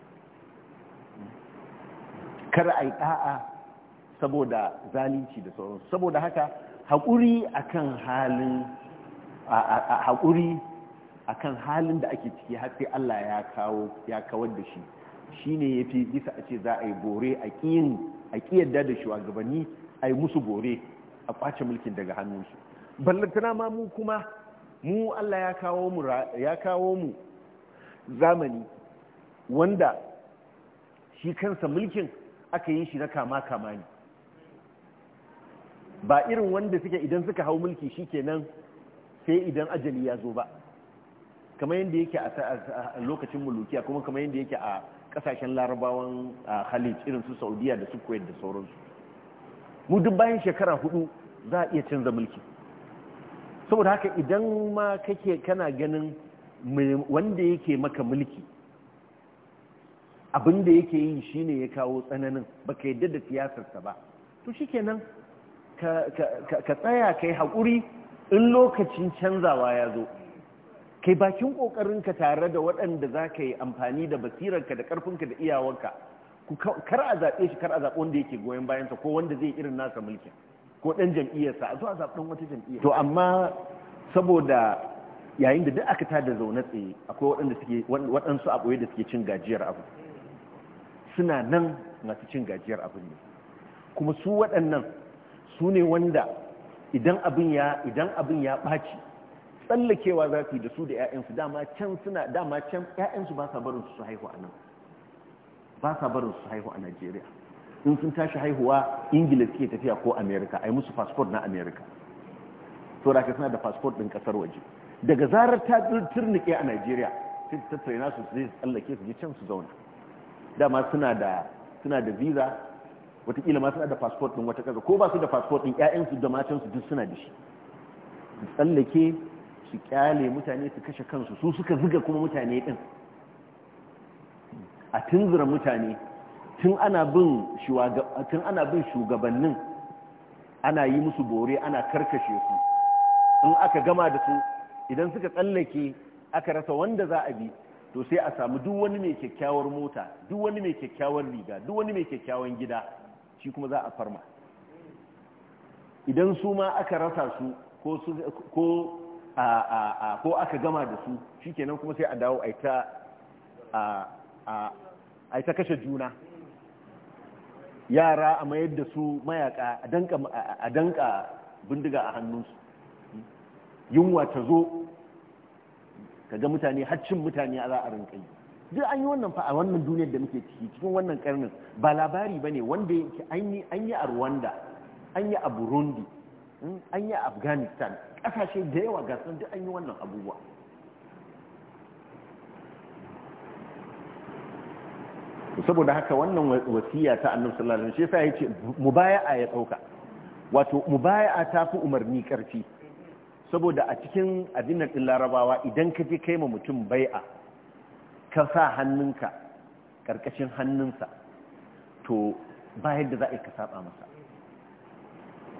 kar a yi ɗa'a saboda zalunci da sauransu saboda haka haƙuri akan halin haƙuri akan halin da ake ciki har Allah ya kawo ya kawar da shi shi shine yafi bisa a ce za a yi bore a ƙiyin a ƙiyar da shugabanni a yi musu bore a kwace mulkin daga hannunsu ballantana ma mu kuma mu Allah ya kawo mu zamani wanda shi kansa mulkin aka yi shi na kama kama ne ba irin wanda suke idan suka hau mulki shi shikenan sai idan ajali ya zo ba kamar yadda yake a lokacin mulukiya kuma kamar yadda yake a kasashen larabawan khalid irin su saudiya da su kuwait da sauransu mu duk bayan shekara hudu za a iya canza mulki saboda haka idan ma kake kana ganin wanda yake maka mulki abin da yake yi shine ya kawo tsananin ba ka yadda da siyasarsa ba to shikenan ka tsaya ka yi haƙuri in lokacin canzawa ya zo kai bakin ƙoƙarinka tare da waɗanda za ka yi amfani da basirarka da ƙarfinka da iyawarka kar a zaɓe shi kar a zaɓe wanda yake goyon bayansa ko wanda zai irin nasa mulkin ko ɗan jam'iyyarsa a zuwa a zaɓi ɗan wata jam'iyya to amma saboda yayin da duk aka tada zaune tsaye akwai waɗanda suke waɗansu a ɓoye da suke cin gajiyar abu suna nan masu cin gajiyar abu ne kuma su waɗannan su ne wanda idan abin ya idan abin ya ɓaci tsallakewa za su yi da su da 'ya'yansu dama can suna dama can 'ya'yansu ba sa barin su haihu a nan ba sa barin su haihu a najeriya in sun tashi haihuwa ingila suke tafiya ko a ai musu fasfot na to da ka suna da fasfot ɗin ƙasar waje daga zarar ta turnike a nigeria sai ta tattare nasu su zai tsallake su je can su zauna dama suna da visa watakila ma suna da fasfot ɗin wata ƙasa ko ba su da fasfot ɗin su da matansu duk suna da shi su tsallake su kyale mutane su kashe kansu su suka zuga kuma mutane ɗin a tunzura mutane tun ana bin shugabannin ana yi musu bore ana karkashe su in aka gama da su idan suka tsallake aka rasa wanda za a bi to sai a samu duk wani mai kyakkyawar mota duk wani mai kyakkyawar riga duk wani mai kyakkyawan gida shi kuma za a farma idan su ma aka rasa su ko aka gama da su shi shikenan kuma sai a dawo a ta kashe juna yara a mayar da su mayaka a danka bindiga a hannunsu yunwa ta zo kaga mutane haccin mutane a za kai duk an yi wannan fa a wannan duniyar da muke ciki cikin wannan karnin ba labari ba ne wanda an yi a rwanda an yi a burundi an yi a afghanistan ƙasashe da yawa gasar duk an yi wannan abubuwa saboda haka wannan wasiya ta annabi sallallahu alaihi wasallam shi yasa yace mubaya'a ya dauka wato mubaya'a ta fi umarni karfi saboda a cikin addinin din larabawa idan ka je kai ma mutum bai'a ka sa hannunka karkashin hannunsa to ba yadda za a ka saba masa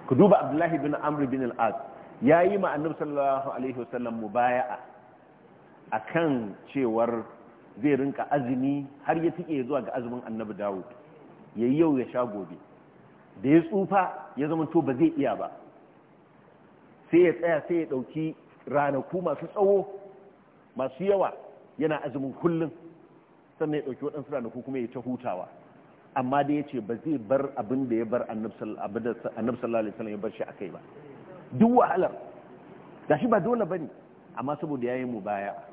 ku duba abdullahi bin amr bin al-az yayi ma annabi sallallahu alaihi wasallam mubaya'a akan cewar zai rinka azumi har ya tike zuwa ga azumin annabi dawud ya yi yau ya sha gobe da ya tsufa ya zama to ba zai iya ba sai ya tsaya sai ya ɗauki ranaku masu tsawo masu yawa yana azumin kullum sannan ya ɗauki waɗansu ranaku kuma ya ta hutawa amma da ya ce ba zai bar abin da ya bar annabi sallallahu alaihi ya bar shi akai ba duk wahalar gashi ba dole bane amma saboda yayi mu baya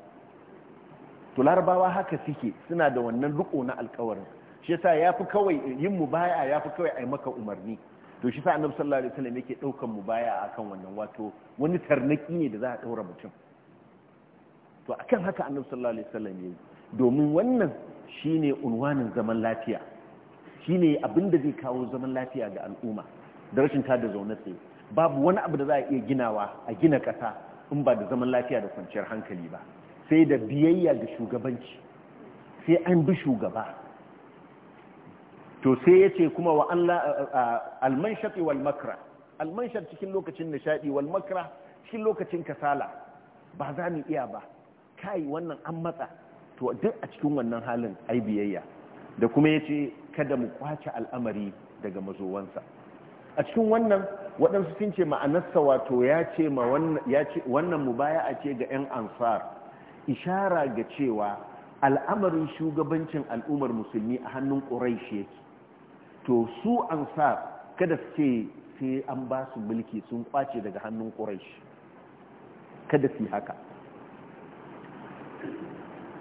to larabawa haka suke suna da wannan riko na alkawarin shi yasa yafi kawai yin mubaya yafi kawai ai maka umarni to shi sa annabi sallallahu alaihi wasallam yake daukan mubaya akan wannan wato wani tarnaki ne da za a daura mutum to akan haka annabi sallallahu alaihi wasallam yayi domin wannan shine unwanin zaman lafiya shine abin da zai kawo zaman lafiya ga al'umma da rashin tada zaune tsaye babu wani abu da za a iya ginawa a gina kasa in ba da zaman lafiya da kwanciyar hankali ba sai da biyayya ga shugabanci sai an bi shugaba to sai ya ce kuma wa almanshafi wal makra almanshar cikin lokacin nishadi wal makra cikin lokacin kasala ba za mu iya ba kai wannan an matsa to duk a cikin wannan halin ai biyayya da kuma ya ce kada mu kwace al'amari daga mazowansa a cikin wannan waɗansu sun ce ma'anarsa wato ya ce wannan mubaya a ce ga 'yan ansar ishara ga cewa al'amarin shugabancin al'ummar musulmi a hannun ƙuraishi yake to su sa kada su ce sai an ba su mulki sun kwace daga hannun ƙuraishi kada su haka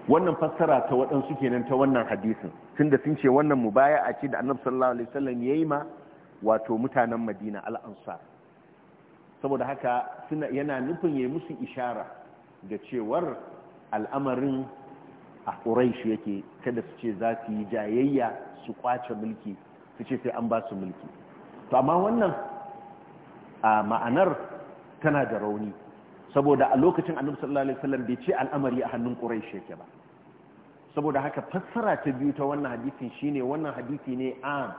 wannan fassara ta waɗansu kenan ta wannan hadisin da sun ce wannan mu baya a ce da annabi sallallahu alaihi wasallam yayi ma wato mutanen Madina al'ansar saboda haka yana nufin ya yi musu ishara da cewar al'amarin a quraish yake kada su ce za su yi jayayya su kwace mulki su ce sai an ba su mulki to amma wannan a ma'anar tana da rauni saboda a lokacin annabi sallallahu bai ce al'amari a hannun quraish yake ba saboda haka fassara ta biyu ta wannan hadisin shine wannan hadisi ne a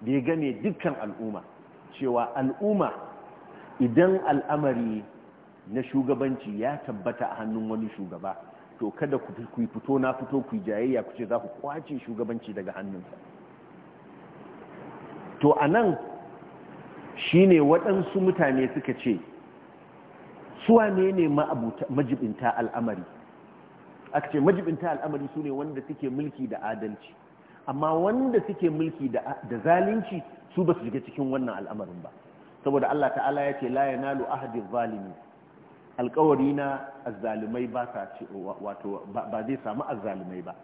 da ya game dukkan al'umma cewa al'umma idan al'amari na shugabanci ya tabbata a hannun wani shugaba to kada ku fito na fito ku jayayya ku ce za ku kwace shugabanci daga hannunsa to a nan shi ne waɗansu mutane suka ce suwa ne ne majibinta al'amari aka ce majibinta al'amari su ne wanda suke mulki da adalci amma wanda suke mulki da zalunci su ba su shiga cikin wannan al'amarin ba saboda allah ta'ala ya ce la yanalu ahadin zalimi alkawari na azzalumai ba sa ce wato ba zai samu azzalumai ba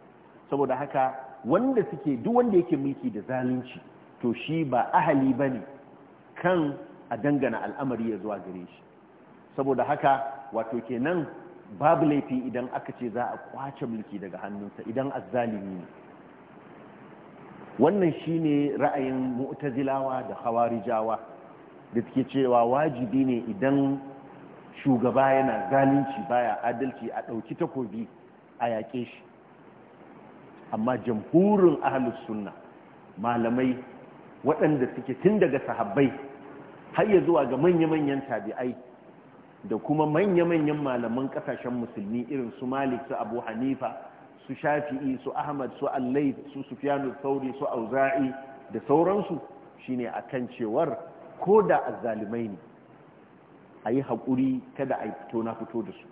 saboda haka wanda suke duk wanda yake mulki da zalunci to shi ba ahali bane kan a dangana al'amari ya zuwa gare shi saboda haka wato kenan babu laifi idan aka ce za a kwace mulki daga hannunsa idan azzalimi ne wannan shine ra'ayin mu'tazilawa da hawarijawa da suke cewa wajibi ne idan shugaba yana zalunci baya adalci a ɗauki takobi a yaƙe shi amma jamhurin ahalus sunna malamai waɗanda suke tun daga sahabbai har ya zuwa ga manya-manyan tabi'ai da kuma manya-manyan malaman ƙasashen musulmi irin su malik su abu hanifa su shafi'i su ahmad su allai su sufyanu sauri su auza'i da sauransu shine akan cewar ko da azzalimai ne a yi haƙuri kada a yi fito na fito da su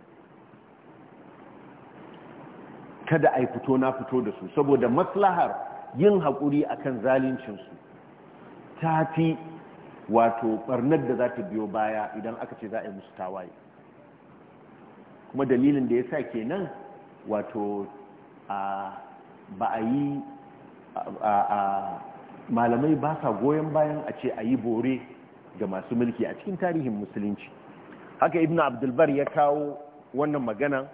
kada a yi fito na fito da su saboda maslahar yin haƙuri a kan zalincinsu ta fi wato ɓarnar da za ta biyo baya idan aka ce za a yi musu tawaye kuma dalilin da ya sa kenan wato ba a yi malamai ba sa goyon bayan a ce a yi bore ga masu mulki a cikin tarihin musulunci haka ibn abdulbar ya kawo wannan magana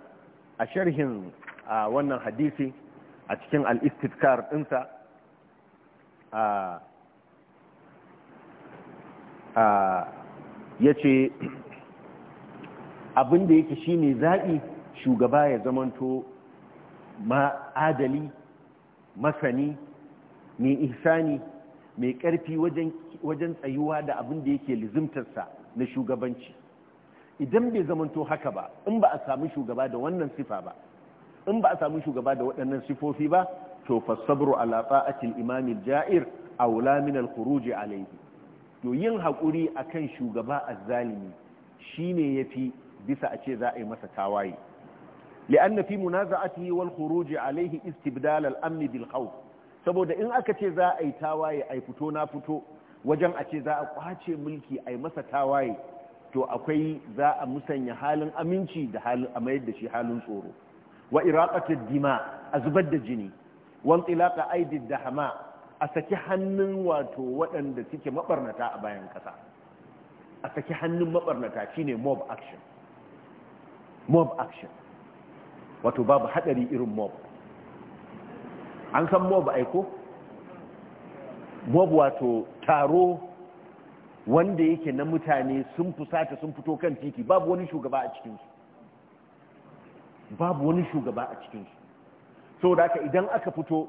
a sharhin wannan hadisi a cikin al'istitkar ɗinsa ya ce abinda yake ne zaɓi shugaba ya zamanto ma'adali masani mai ihsani mai ƙarfi wajen tsayuwa da abin da yake lizimtarsa na shugabanci idan bai zamanto haka ba in ba a samu shugaba da wannan sifa ba in ba a samu shugaba da waɗannan sifofi ba to fasabru ala ta'atil imamil ja'ir aula min al khuruj alayhi to yin hakuri akan shugaba azzalimi shine yafi bisa a ce za a yi masa tawaye li'anna fi munaza'atihi wal khuruj alayhi istibdal al saboda in aka ce za a yi tawaye ai fito na fito wajen a ce za a kwace mulki ai masa tawaye to akwai za a musanya halin aminci da halin a mayar da shi halin tsoro wa iraqati dima a zubar da jini wan tilaqa aidi dahama a saki hannun wato waɗanda suke mabarnata a bayan ƙasa a saki hannun mabarnata shine mob action mob action wato babu hadari irin mob an san mob aiko mob wato taro wanda yake na mutane sun fusata sun fito kan titi babu wani shugaba a cikinsu babu wani shugaba a cikinsu so da aka idan aka fito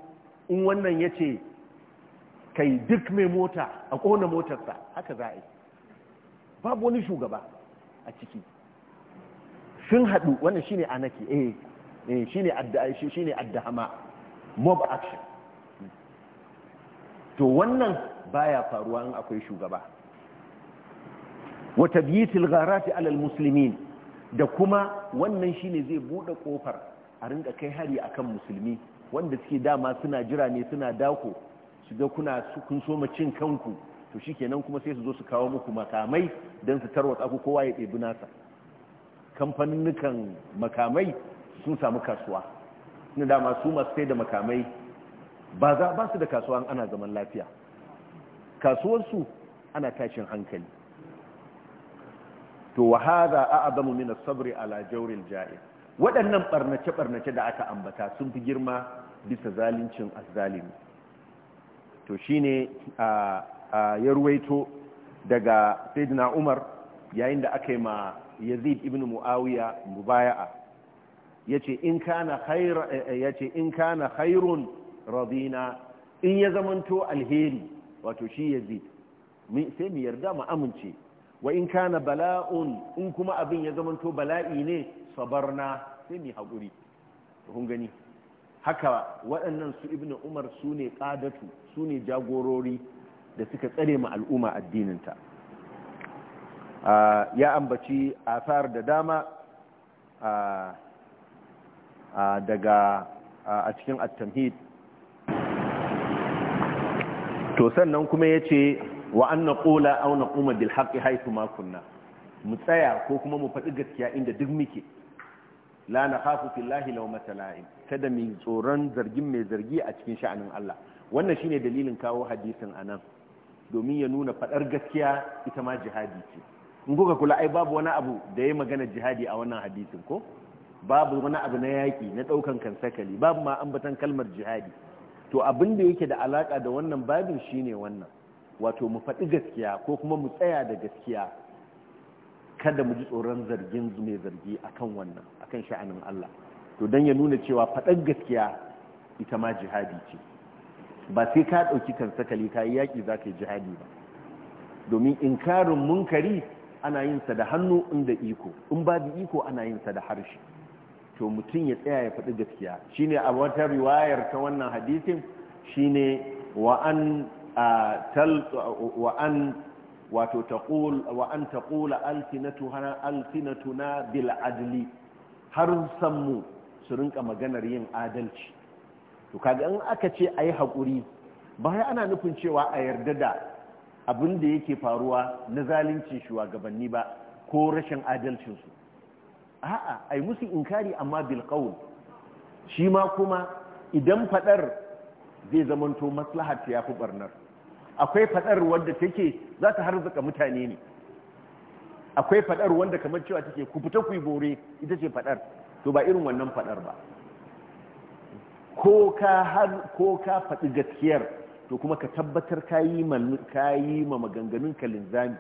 in wannan ya ce kai duk mai mota a kona motarsa haka za a yi babu wani shugaba a ciki sun haɗu wannan shine anaki eh eh shine adda shine addahama mob action to wannan baya faruwa in akwai shugaba wa tabyitil gharati alal muslimin da kuma wannan shine zai buɗe kofar a rinka kai hari akan musulmi wanda suke dama suna jira ne suna dako su ga kuna kun so cin kanku to shikenan kuma sai su zo su kawo muku makamai don su tarwatsa ku kowa ya ɗebi nasa kamfaninnukan makamai sun samu kasuwa suna dama su masu sai da makamai ba su da kasuwa ana zaman lafiya kasuwarsu ana tashin hankali to wa hadha a'zamu min as-sabri ala al waɗannan barnace barnace da aka ambata sun fi girma bisa zalincin zalimi to shine a Yarwaito daga sayyidina Umar yayin da aka yi ma Yazid ibn Muawiya mubaya'a yace in kana khair yace in kana khairun radina in ya zamanto alheri wato shi Yazid sai mu yarda mu amince wa in kana bala'un in kuma abin ya zamanto bala'i ne sabarna sai mu haƙuri kun gani haka waɗannan su ibnu umar su ne ƙadatu su ne jagorori da suka tsare ma al'umma addininta ya ambaci asar da dama daga a cikin at to sannan kuma yace wa an naqula aw naquma bil haqqi haythu mu tsaya ko kuma mu faɗi gaskiya inda duk muke la nakhafu fillahi lau matala'in kada mu tsoron zargin mai zargi a cikin sha'anin Allah wannan shine dalilin kawo hadisin anan domin ya nuna faɗar gaskiya ita ma jihadi ce in kuka kula ai babu wani abu da ya magana jihadi a wannan hadisin ko babu wani abu na yaƙi na ɗaukan kan sakali babu ma ambatan kalmar jihadi to abin da yake da alaƙa da wannan babin shine wannan wato mu faɗi gaskiya ko kuma mu tsaya da gaskiya kada mu ji tsoron zargin mai zargi akan wannan akan sha'anin Allah to dan ya nuna cewa faɗar gaskiya ita ma jihadi ce ba sai ka ɗauki kan sakali ka yi yaƙi za ka yi jihadi ba domin inkarin munkari ana yin sa da hannu inda iko in ba da iko ana yin sa da harshe to mutum ya tsaya ya faɗi gaskiya shine a wata riwayar ta wannan hadisin shine wa an وأن وتقول ta تقول ألسنتنا ألسنتنا بالعدل har sammu su rinka maganar yin adalci to kaga in aka ce a yi haƙuri bayan ana nufin cewa a yarda da abin da yake faruwa na zalincin shugabanni ba ko rashin adalcinsu a'a ai musu inkari amma bilkawun shi ma kuma idan faɗar zai zamanto maslahat ya fi barnar akwai fadar wanda take za ta harzuka mutane ne akwai fadar wanda kamar cewa take ku fita ku yi bore ita ce fadar to ba irin wannan fadar ba ko ka faɗi gaskiyar to kuma ka tabbatar ka yi ma maganganun ka linzami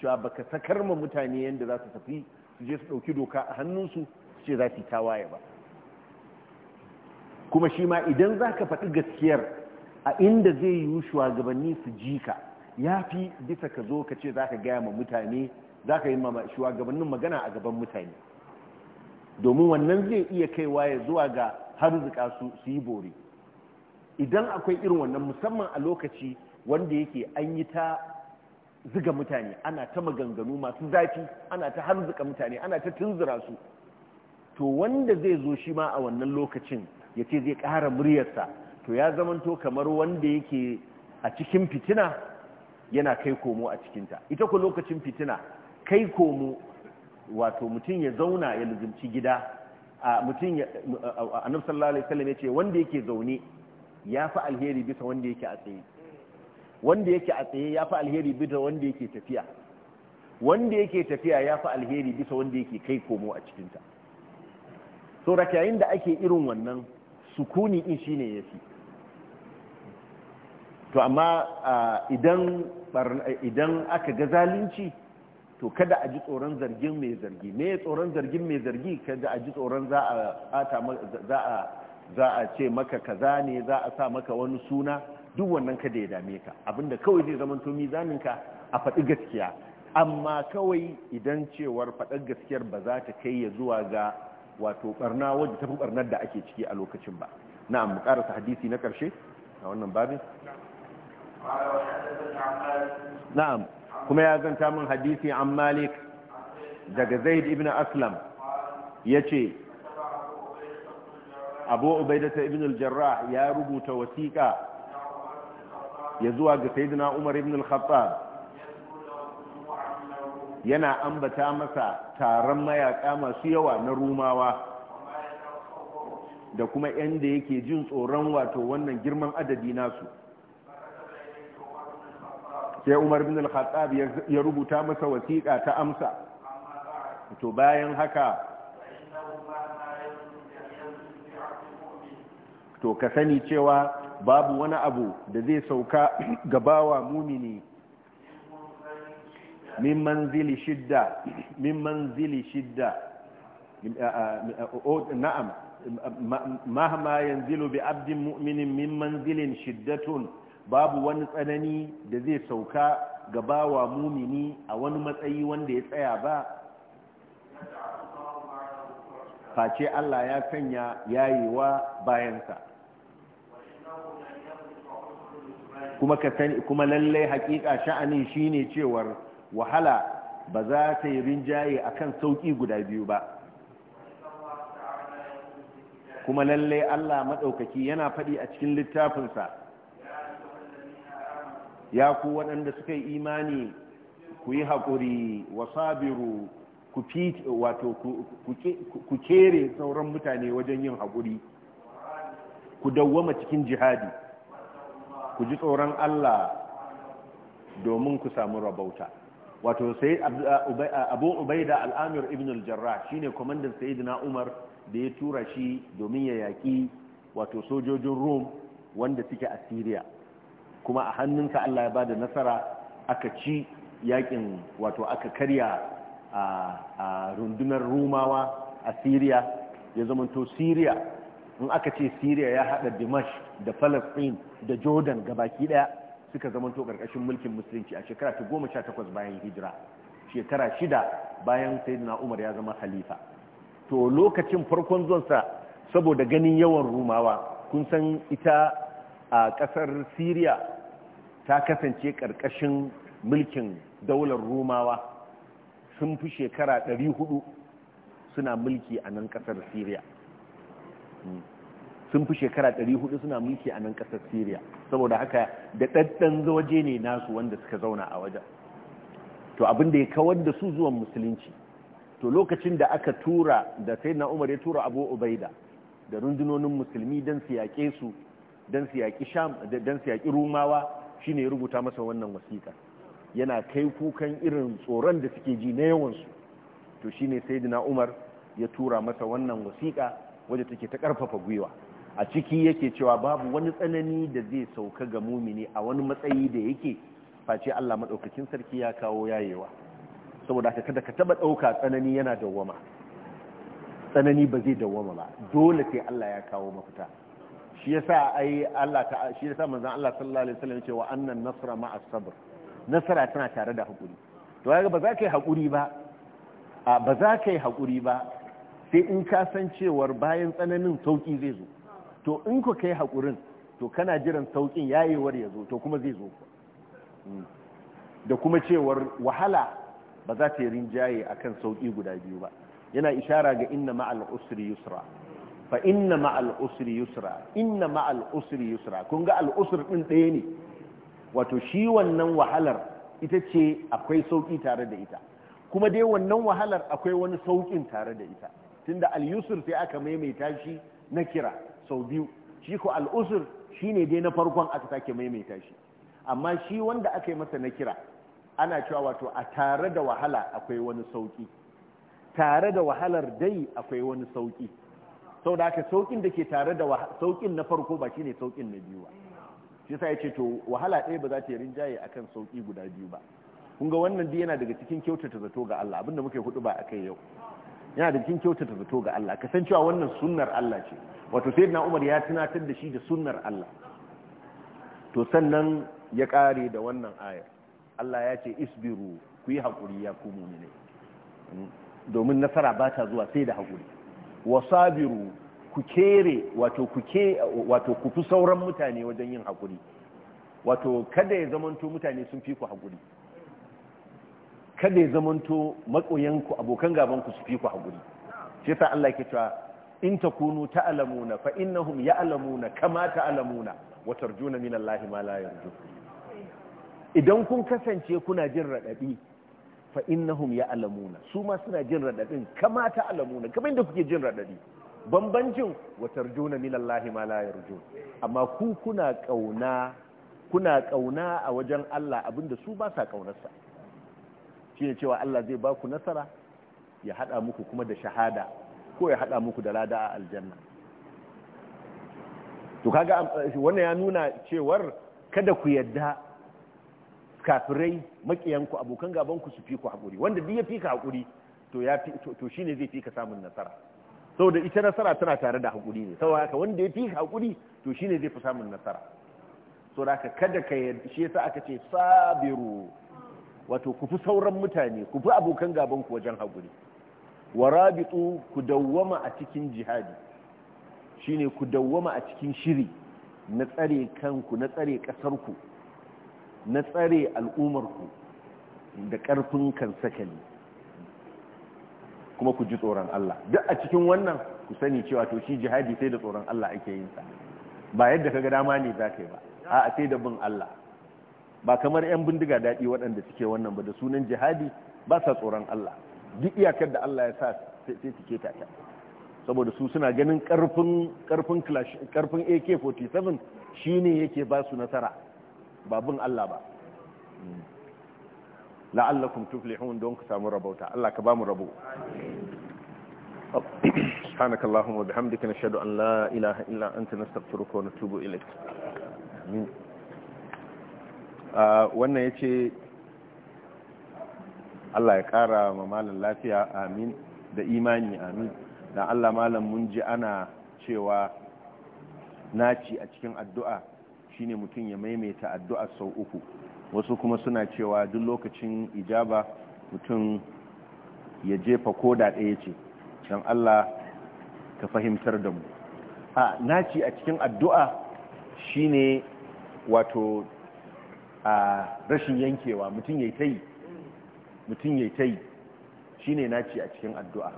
cewa baka sakar ma mutane yadda za su tafi su je su ɗauki doka a hannunsu su ce za su yi tawaye ba kuma shi ma idan za ka faɗi gaskiyar a inda zai yi shugabanni su ji ka ya fi bisa ka zo ka ce za ka gaya ma mutane za ka yi ma shugabannin magana a gaban mutane domin wannan zai iya kaiwa ya zuwa ga harzuka su su yi bore idan akwai irin wannan musamman a lokaci wanda yake an yi ta ziga mutane ana ta maganganu masu zafi ana ta harzuka mutane ana ta tunzura su to wanda zai zo shi ma a wannan lokacin ya ce zai ƙara muryarsa to ya zamanto kamar wanda yake a cikin fitina yana kai komo a cikinta ita ku lokacin fitina kai komo wato mutum ya zauna ya luzumci gida a mutum ya annab sallallahu alaihi wasallam yace wanda yake zaune ya fi alheri bisa wanda yake a tsaye wanda yake a tsaye ya fi alheri bisa wanda yake tafiya wanda yake tafiya ya fi alheri bisa wanda yake kai komo a cikinta so rakayin da ake irin wannan sukuni in shine yafi to amma idan aka ga zalunci to kada a ji tsoron zargin mai zargi me tsoron zargin mai zargi kada a ji tsoron za a ce maka kaza ne za a sa maka wani suna duk wannan kada ya dame ka abinda kawai zai zama to mizaninka a faɗi gaskiya amma kawai idan cewar faɗar gaskiyar ba za ta kai ya zuwa ga wato barna wadda tafi barnar da ake ciki a lokacin ba na'am mu ƙarasa hadisi na karshe a wannan babin na'am kuma ya zanta min hadisi an malik daga zaid ibn aslam ya ce abu ubaidata ibn al-jarrah ya rubuta wasiƙa ya zuwa ga sayyidina umar ibn al-khattab yana ambata masa taron mayaƙa masu yawa na rumawa da kuma yanda da yake jin tsoron wato wannan girman adadi nasu sai umar bin al-khattab ya rubuta masa wasiƙa ta amsa to bayan haka to ka sani cewa babu wani abu da zai sauka gabawa mumini min manzili shidda min manzili shidda na'am mahma yanzilu bi abdin mu'minin min manzilin shiddatun babu wani tsanani da zai sauka ga bawa mumini a wani matsayi wanda ya tsaya ba face Allah ya sanya yayewa bayansa kuma ka sani kuma lalle hakika sha'anin shine cewar wahala ba za ta yi rinjaye akan sauki guda biyu ba kuma lalle Allah madaukaki yana faɗi a cikin littafinsa ya ku waɗanda suka yi imani ku yi haƙuri wa sabiru ku wato ku kere sauran mutane wajen yin haƙuri ku dawwama cikin jihadi ku ji tsoron Allah domin ku samu rabauta wato sai abu ubaida al'amir ibn al-jarrah shine kwamandan sayyidina umar da ya tura shi domin ya yaƙi wato sojojin rome wanda suke a syria kuma a hannunsa Allah ya bada nasara aka ci yakin wato aka karya a rundunar rumawa a siriya ya zamanto siriya in aka ce Syria ya hada Dimash da Palestine da Jordan ga baki daya suka zamanto karkashin mulkin musulunci a shekara ta goma sha takwas bayan hijira shekara shida bayan sayyidina Umar ya zama khalifa to lokacin farkon zonsa saboda ganin yawan rumawa kun san ita a kasar siriya ta kasance ƙarƙashin mulkin daular rumawa sun fi shekara 400 suna mulki a nan ƙasar syria hmm. sun fi shekara 400 suna mulki a nan ƙasar syria saboda haka da ɗaɗɗan waje ne nasu wanda suka zauna a wajen to abin da ya kawar da su zuwan musulunci to lokacin da aka tura da sai na umar ya tura abu ubaida da rundunonin musulmi don su yaƙe su don su yaƙi sham don su yaƙi rumawa shine ya rubuta masa wannan wasiƙa yana kai kukan irin tsoron da suke ji na yawansu to shi shine sayyidina umar ya tura masa wannan wasiƙa wadda take ta ƙarfafa gwiwa a ciki yake cewa babu wani tsanani da zai sauka ga mumini a wani matsayi da yake face Allah maɗaukakin sarki ya kawo yayewa saboda haka kada ka taba ɗauka tsanani yana dawwama tsanani ba zai dawwama ba dole sai Allah ya kawo mafita shi yasa ai Allah ta shi yasa manzon Allah sallallahu alaihi wasallam wa annan nasra ma'a sabr nasara tana tare da hakuri to kaga ba za ka yi hakuri ba ba za ka yi hakuri ba sai in ka san cewar bayan tsananin sauki zai zo to in ku kai hakurin to kana jiran saukin yayewar ya zo to kuma zai zo hmm. da kuma cewar wahala ba za ta yi rinjaye akan sauki guda biyu ba yana ishara ga inna ma'al usri yusra fa inna ma al'usri yusra inna ma al'usri yusra kun ga al'usur din ɗaya ne wato shi wannan wahalar ita ce akwai sauƙi tare da ita kuma dai wannan wahalar akwai wani sauƙin tare da ita tunda al-yusr sai aka maimaita shi na kira sau biyu shi ko al-usr shine dai na farkon aka sake maimaita shi amma shi wanda aka yi masa na kira ana cewa wato a tare da wahala akwai wani sauƙi tare da wahalar dai akwai wani sauƙi Sau da haka saukin da ke tare da saukin na farko ba ne saukin na biyu ba shi sa ce to wahala ɗaya ba za ta yi rinjaye akan sauki guda biyu ba kun ga wannan dai yana daga cikin kyautata zato ga Allah abinda muke hudu ba kai yau yana da cikin kyautata zato ga Allah kasancewa wannan sunnar Allah ce wato sayyidina Umar ya tunatar da shi da sunnar Allah to sannan ya kare da wannan ayar Allah ya ce isbiru ku yi hakuri ya ku ne hmm? domin nasara ba ta zuwa sai da hakuri wasabiru ku kere wato ku fi sauran mutane wajen yin hakuri wato kada ya zamanto mutane sun fi ku hakuri kada ya zamanto maƙoyanku abokan gabanku su fi ku hakuri shi yasa Allah yake cewa in takunu ta'lamuna fa innahum ya'lamuna kama ta'lamuna wa tarjuna min Allah ma la yarju idan kun kasance kuna jin radadi fa innahum alamuna, su ma suna jin raɗaɗin kamata ta alamuna kamar inda kuke jin radadi bambancin wa tarjuna minallahi ma la yarju amma ku kuna ƙauna kuna kauna a wajen Allah abinda su ba sa kaunarsa shine cewa Allah zai ba ku nasara ya hada muku kuma da shahada ko ya hada muku da lada a aljanna to kaga wannan ya nuna cewar kada ku yadda kafirai makiyanku abokan gabanku su fi ku haƙuri wanda duk ya fi ka haƙuri to ya fi to shine zai fi ka samun nasara saboda ita nasara tana tare da haƙuri ne saboda haka wanda ya fi ka haƙuri to shine zai fi samun nasara saboda haka kada ka shi yasa aka ce sabiru wato ku fi sauran mutane ku fi abokan gabanku wajen haƙuri wa rabitu ku dawwama a cikin jihadi shine ku dawwama a cikin shiri na tsare kanku na tsare ku na tsare al'umarku da ƙarfin kan sakali kuma ku ji tsoron Allah duk a cikin wannan ku sani cewa to shi jihadi sai da tsoron Allah ake yin sa ba yadda kaga dama ne za ka yi ba a sai da bin Allah ba kamar 'yan bindiga daɗi waɗanda suke wannan ba da sunan jihadi ba sa tsoron Allah duk iyakar da Allah ya sa sai su keta ta saboda su suna ganin ƙarfin AK-47 shine yake ba su nasara ba Allah ba hmm. la'allakum tuflihun don ku samu rabauta Allah ka bamu rabo سبحانك اللهم وبحمدك نشهد أن لا إله إلا أنت نستغفرك ونتوب إليك آمين wannan ya ce Allah ya ƙara ma malam lafiya amin da imani amin da Allah malam mun ji ana cewa naci a cikin addu'a shine mutum ya maimaita addu'a sau uku wasu kuma suna cewa duk lokacin ijaba mutum ya jefa koda ɗaya ce don Allah ka fahimtar da mu a naci a cikin addu'a shine wato a rashin yankewa mutum ya ta yi mutum ya ta yi shine naci a cikin addu'a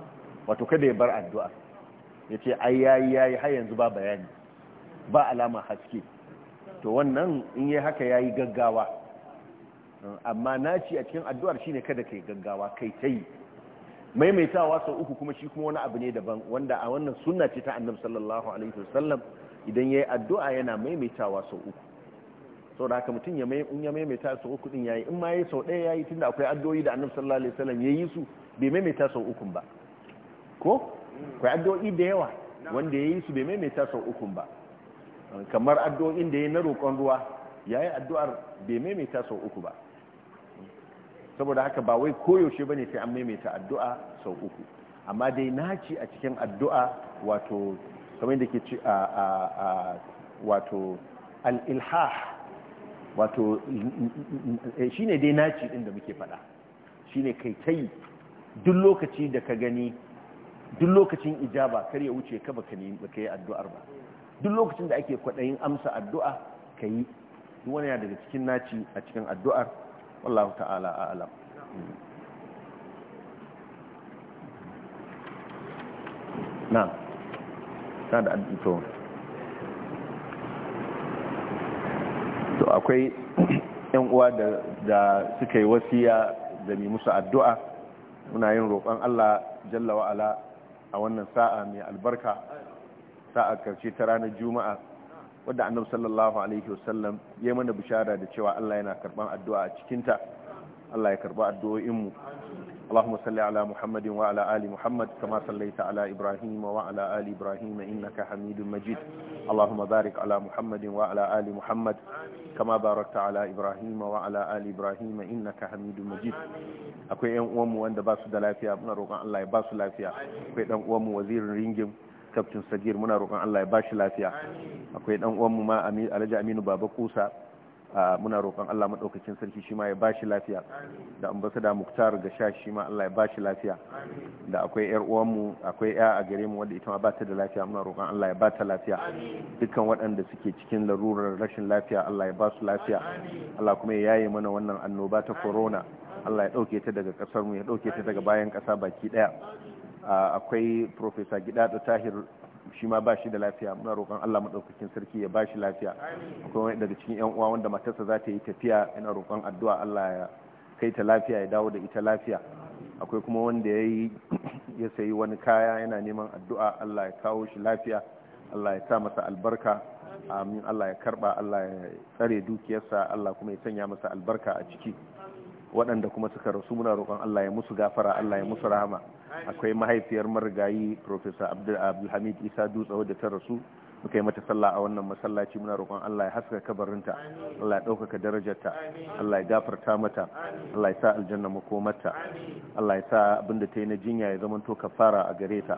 wato kada ya bar addu'a ya ce ai yayi yayi har yanzu ba bayani ba alama haske to wannan in yi haka ya yi gaggawa amma na ci a cikin addu'ar shi ne kada ka yi gaggawa kai ta yi maimaitawa sau uku kuma shi kuma wani abu ne daban wanda a wannan suna ce ta annabi sallallahu alaihi wasallam idan ya yi addu'a yana maimaitawa sau uku da haka mutum ya maimaita sau uku din yayi in ma yi sau ɗaya yayi da akwai addu'o'i da annabi sallallahu alaihi wasallam yi su bai maimaita sau uku ba ko akwai addu'o'i da yawa wanda yi su bai maimaita sau uku ba kamar addu'o'in da ya na roƙon ruwa ya yi addu'ar bai maimaita sau uku ba saboda haka ba wai koyaushe ba ne sai an maimaita addu'a sau uku amma dai naci a cikin addu'a wato kamar da ke ci a wato al'ilhah wato shi ne dai naci ɗin da muke faɗa shi ne kai ta duk lokaci da ka gani duk lokacin ijaba kar ya wuce ka baka yi addu'ar ba duk lokacin da ake kwaɗayin amsa addu'a ka yi duk wani daga cikin naci a cikin addu'ar wallahu ta'ala a'alam na na da addu'o to akwai yan uwa da suka yi wasiya da mai musu addu'a muna yin roƙon Allah jalla wa'ala a wannan sa'a mai albarka ta a karshe ta ranar juma'a wadda annab sallallahu alaihi wasallam ya mana bishara da cewa Allah yana karban addu'a a cikinta Allah ya karba addu'o'inmu Allahumma salli ala Muhammadin wa ala Muhammad kama sallaita ala Ibrahim wa ala ali Ibrahim innaka Hamidum Majid Allahumma barik ala Muhammadin wa ala Muhammad kama barakta ala Ibrahim wa ala ali Ibrahim innaka Hamidum Majid akwai ɗan uwanmu wanda ba su da lafiya muna roƙon Allah ya basu lafiya akwai ɗan uwanmu wazirin ringin kaftin sagir muna roƙon Allah ya bashi lafiya akwai dan uwan ma Alhaji Aminu Baba Kusa muna roƙon Allah madaukakin sarki shi ma ya bashi lafiya da ambassador Muktar ga sha shi ma Allah ya bashi lafiya da akwai yar uwan akwai ya a gare mu wanda ita ma ba ta da lafiya muna roƙon Allah ya ba ta lafiya dukkan waɗanda suke cikin larurar rashin lafiya Allah ya ba su lafiya Allah kuma ya yaye mana wannan annoba ta corona Allah ya dauke ta daga kasar mu ya dauke ta daga bayan kasa baki daya akwai gida gidado tahir shi ma ba shi da lafiya muna roƙon Allah maɗaukakin sarki ya ba shi lafiya akwai wani daga cikin yan uwa wanda matarsa za ta yi tafiya ina roƙon addu'a Allah ya kai ta lafiya ya dawo da ita lafiya akwai kuma wanda ya yi ya sayi wani kaya yana neman addu'a Allah ya kawo shi lafiya Allah ya sa masa albarka amin Allah ya karba Allah ya tsare dukiyarsa Allah kuma ya sanya masa albarka a ciki waɗanda kuma suka rasu muna roƙon Allah ya musu gafara Allah ya musu rahama akwai mahaifiyar marigayi Professor Abdulhamid Isa Dutse wadda ta rasu muka yi mata sallah a wannan masallaci muna roƙon Allah ya haska kabarinta Allah ya ɗaukaka darajarta Allah ya gafarta mata Allah ya sa aljanna makomarta Allah ya sa abinda ta yi na jinya ya zama to kafara a gare ta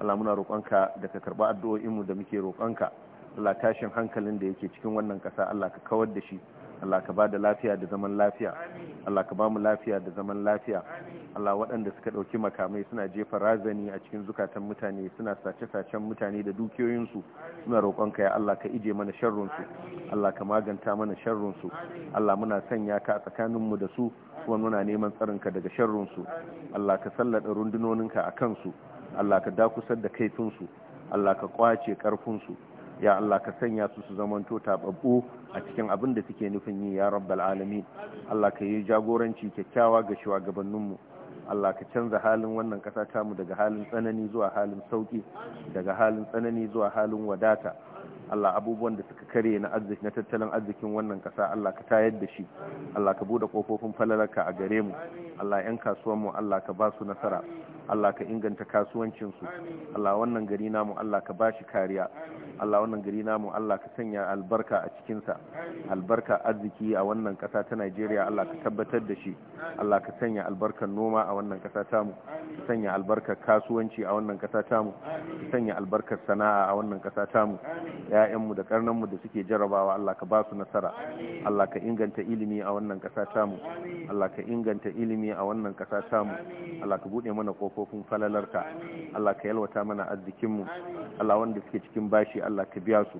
Allah muna roƙonka da ka karba addu'o'inmu da muke roƙonka Allah tashin hankalin da yake cikin wannan ƙasa Allah ka kawar da shi Allah ka ba da lafiya da zaman lafiya Allah ka ba mu lafiya da zaman lafiya Allah waɗanda suka ɗauki makamai suna jefa razani a cikin zukatan mutane suna sace-sacen mutane da dukiyoyinsu suna roƙonka ya Allah ka ije mana sharrunsu Allah ka maganta mana sharrunsu Allah muna sanya ka a tsakaninmu da su kuma muna neman tsarinka daga sharrunsu Allah ka sallada rundunoninka a kansu Allah ka dakusar da kaifinsu Allah ka kwace karfinsu ya Allah ka sanya su su zamanto tababbu a cikin abin da suke nufin yi ya rabbal alamin Allah ka yi jagoranci kyakkyawa ga shugabanninmu Allah ka canza halin wannan kasa tamu daga halin tsanani zuwa halin sauki daga halin tsanani zuwa halin wadata Allah abubuwan da suka kare na arziki na tattalin arzikin wannan kasa Allah ka tayar da shi Allah ka bude kofofin falalarka a gare mu Allah yan kasuwan mu Allah ka ba su nasara Allah ka inganta kasuwancinsu Allah wannan gari namu Allah ka bashi kariya Allah wannan gari namu Allah ka sanya albarka a cikinsa albarka arziki a wannan ƙasa ta Najeriya Allah ka tabbatar da shi Allah ka sanya albarkar noma a wannan ƙasa tamu ka sanya albarkar kasuwanci a wannan ƙasa tamu ka sanya albarkar sana'a a wannan ƙasa tamu ƴaƴanmu da karnanmu da suke jarabawa Allah ka ba su nasara Allah ka inganta ilimi a wannan ƙasa tamu Allah ka inganta ilimi a wannan ƙasa tamu Allah ka buɗe mana kofar kofofin falalarka Allah ka yalwata mana arzikinmu Allah wanda suke cikin bashi Allah ka biya su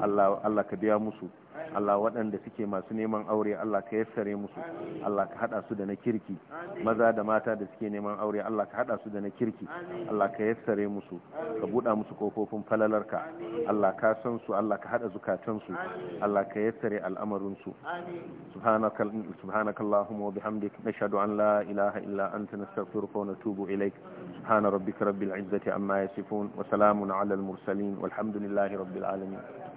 Allah ka biya musu Allah waɗanda suke masu neman aure Allah ka yassare musu Allah ka hada su da na kirki maza da mata da suke neman aure Allah ka hada su da na kirki Allah ka yassare musu ka buɗa musu kofofin falalarka Allah ka san su Allah ka hada zukatansu Allah ka yassare al'amarin su سبحانك اللهم وبحمدك an أن لا إله إلا أنت نستغفرك ونتوب إليك سبحان ربك رب العزة عما يصفون وسلام على المرسلين والحمد لله رب العالمين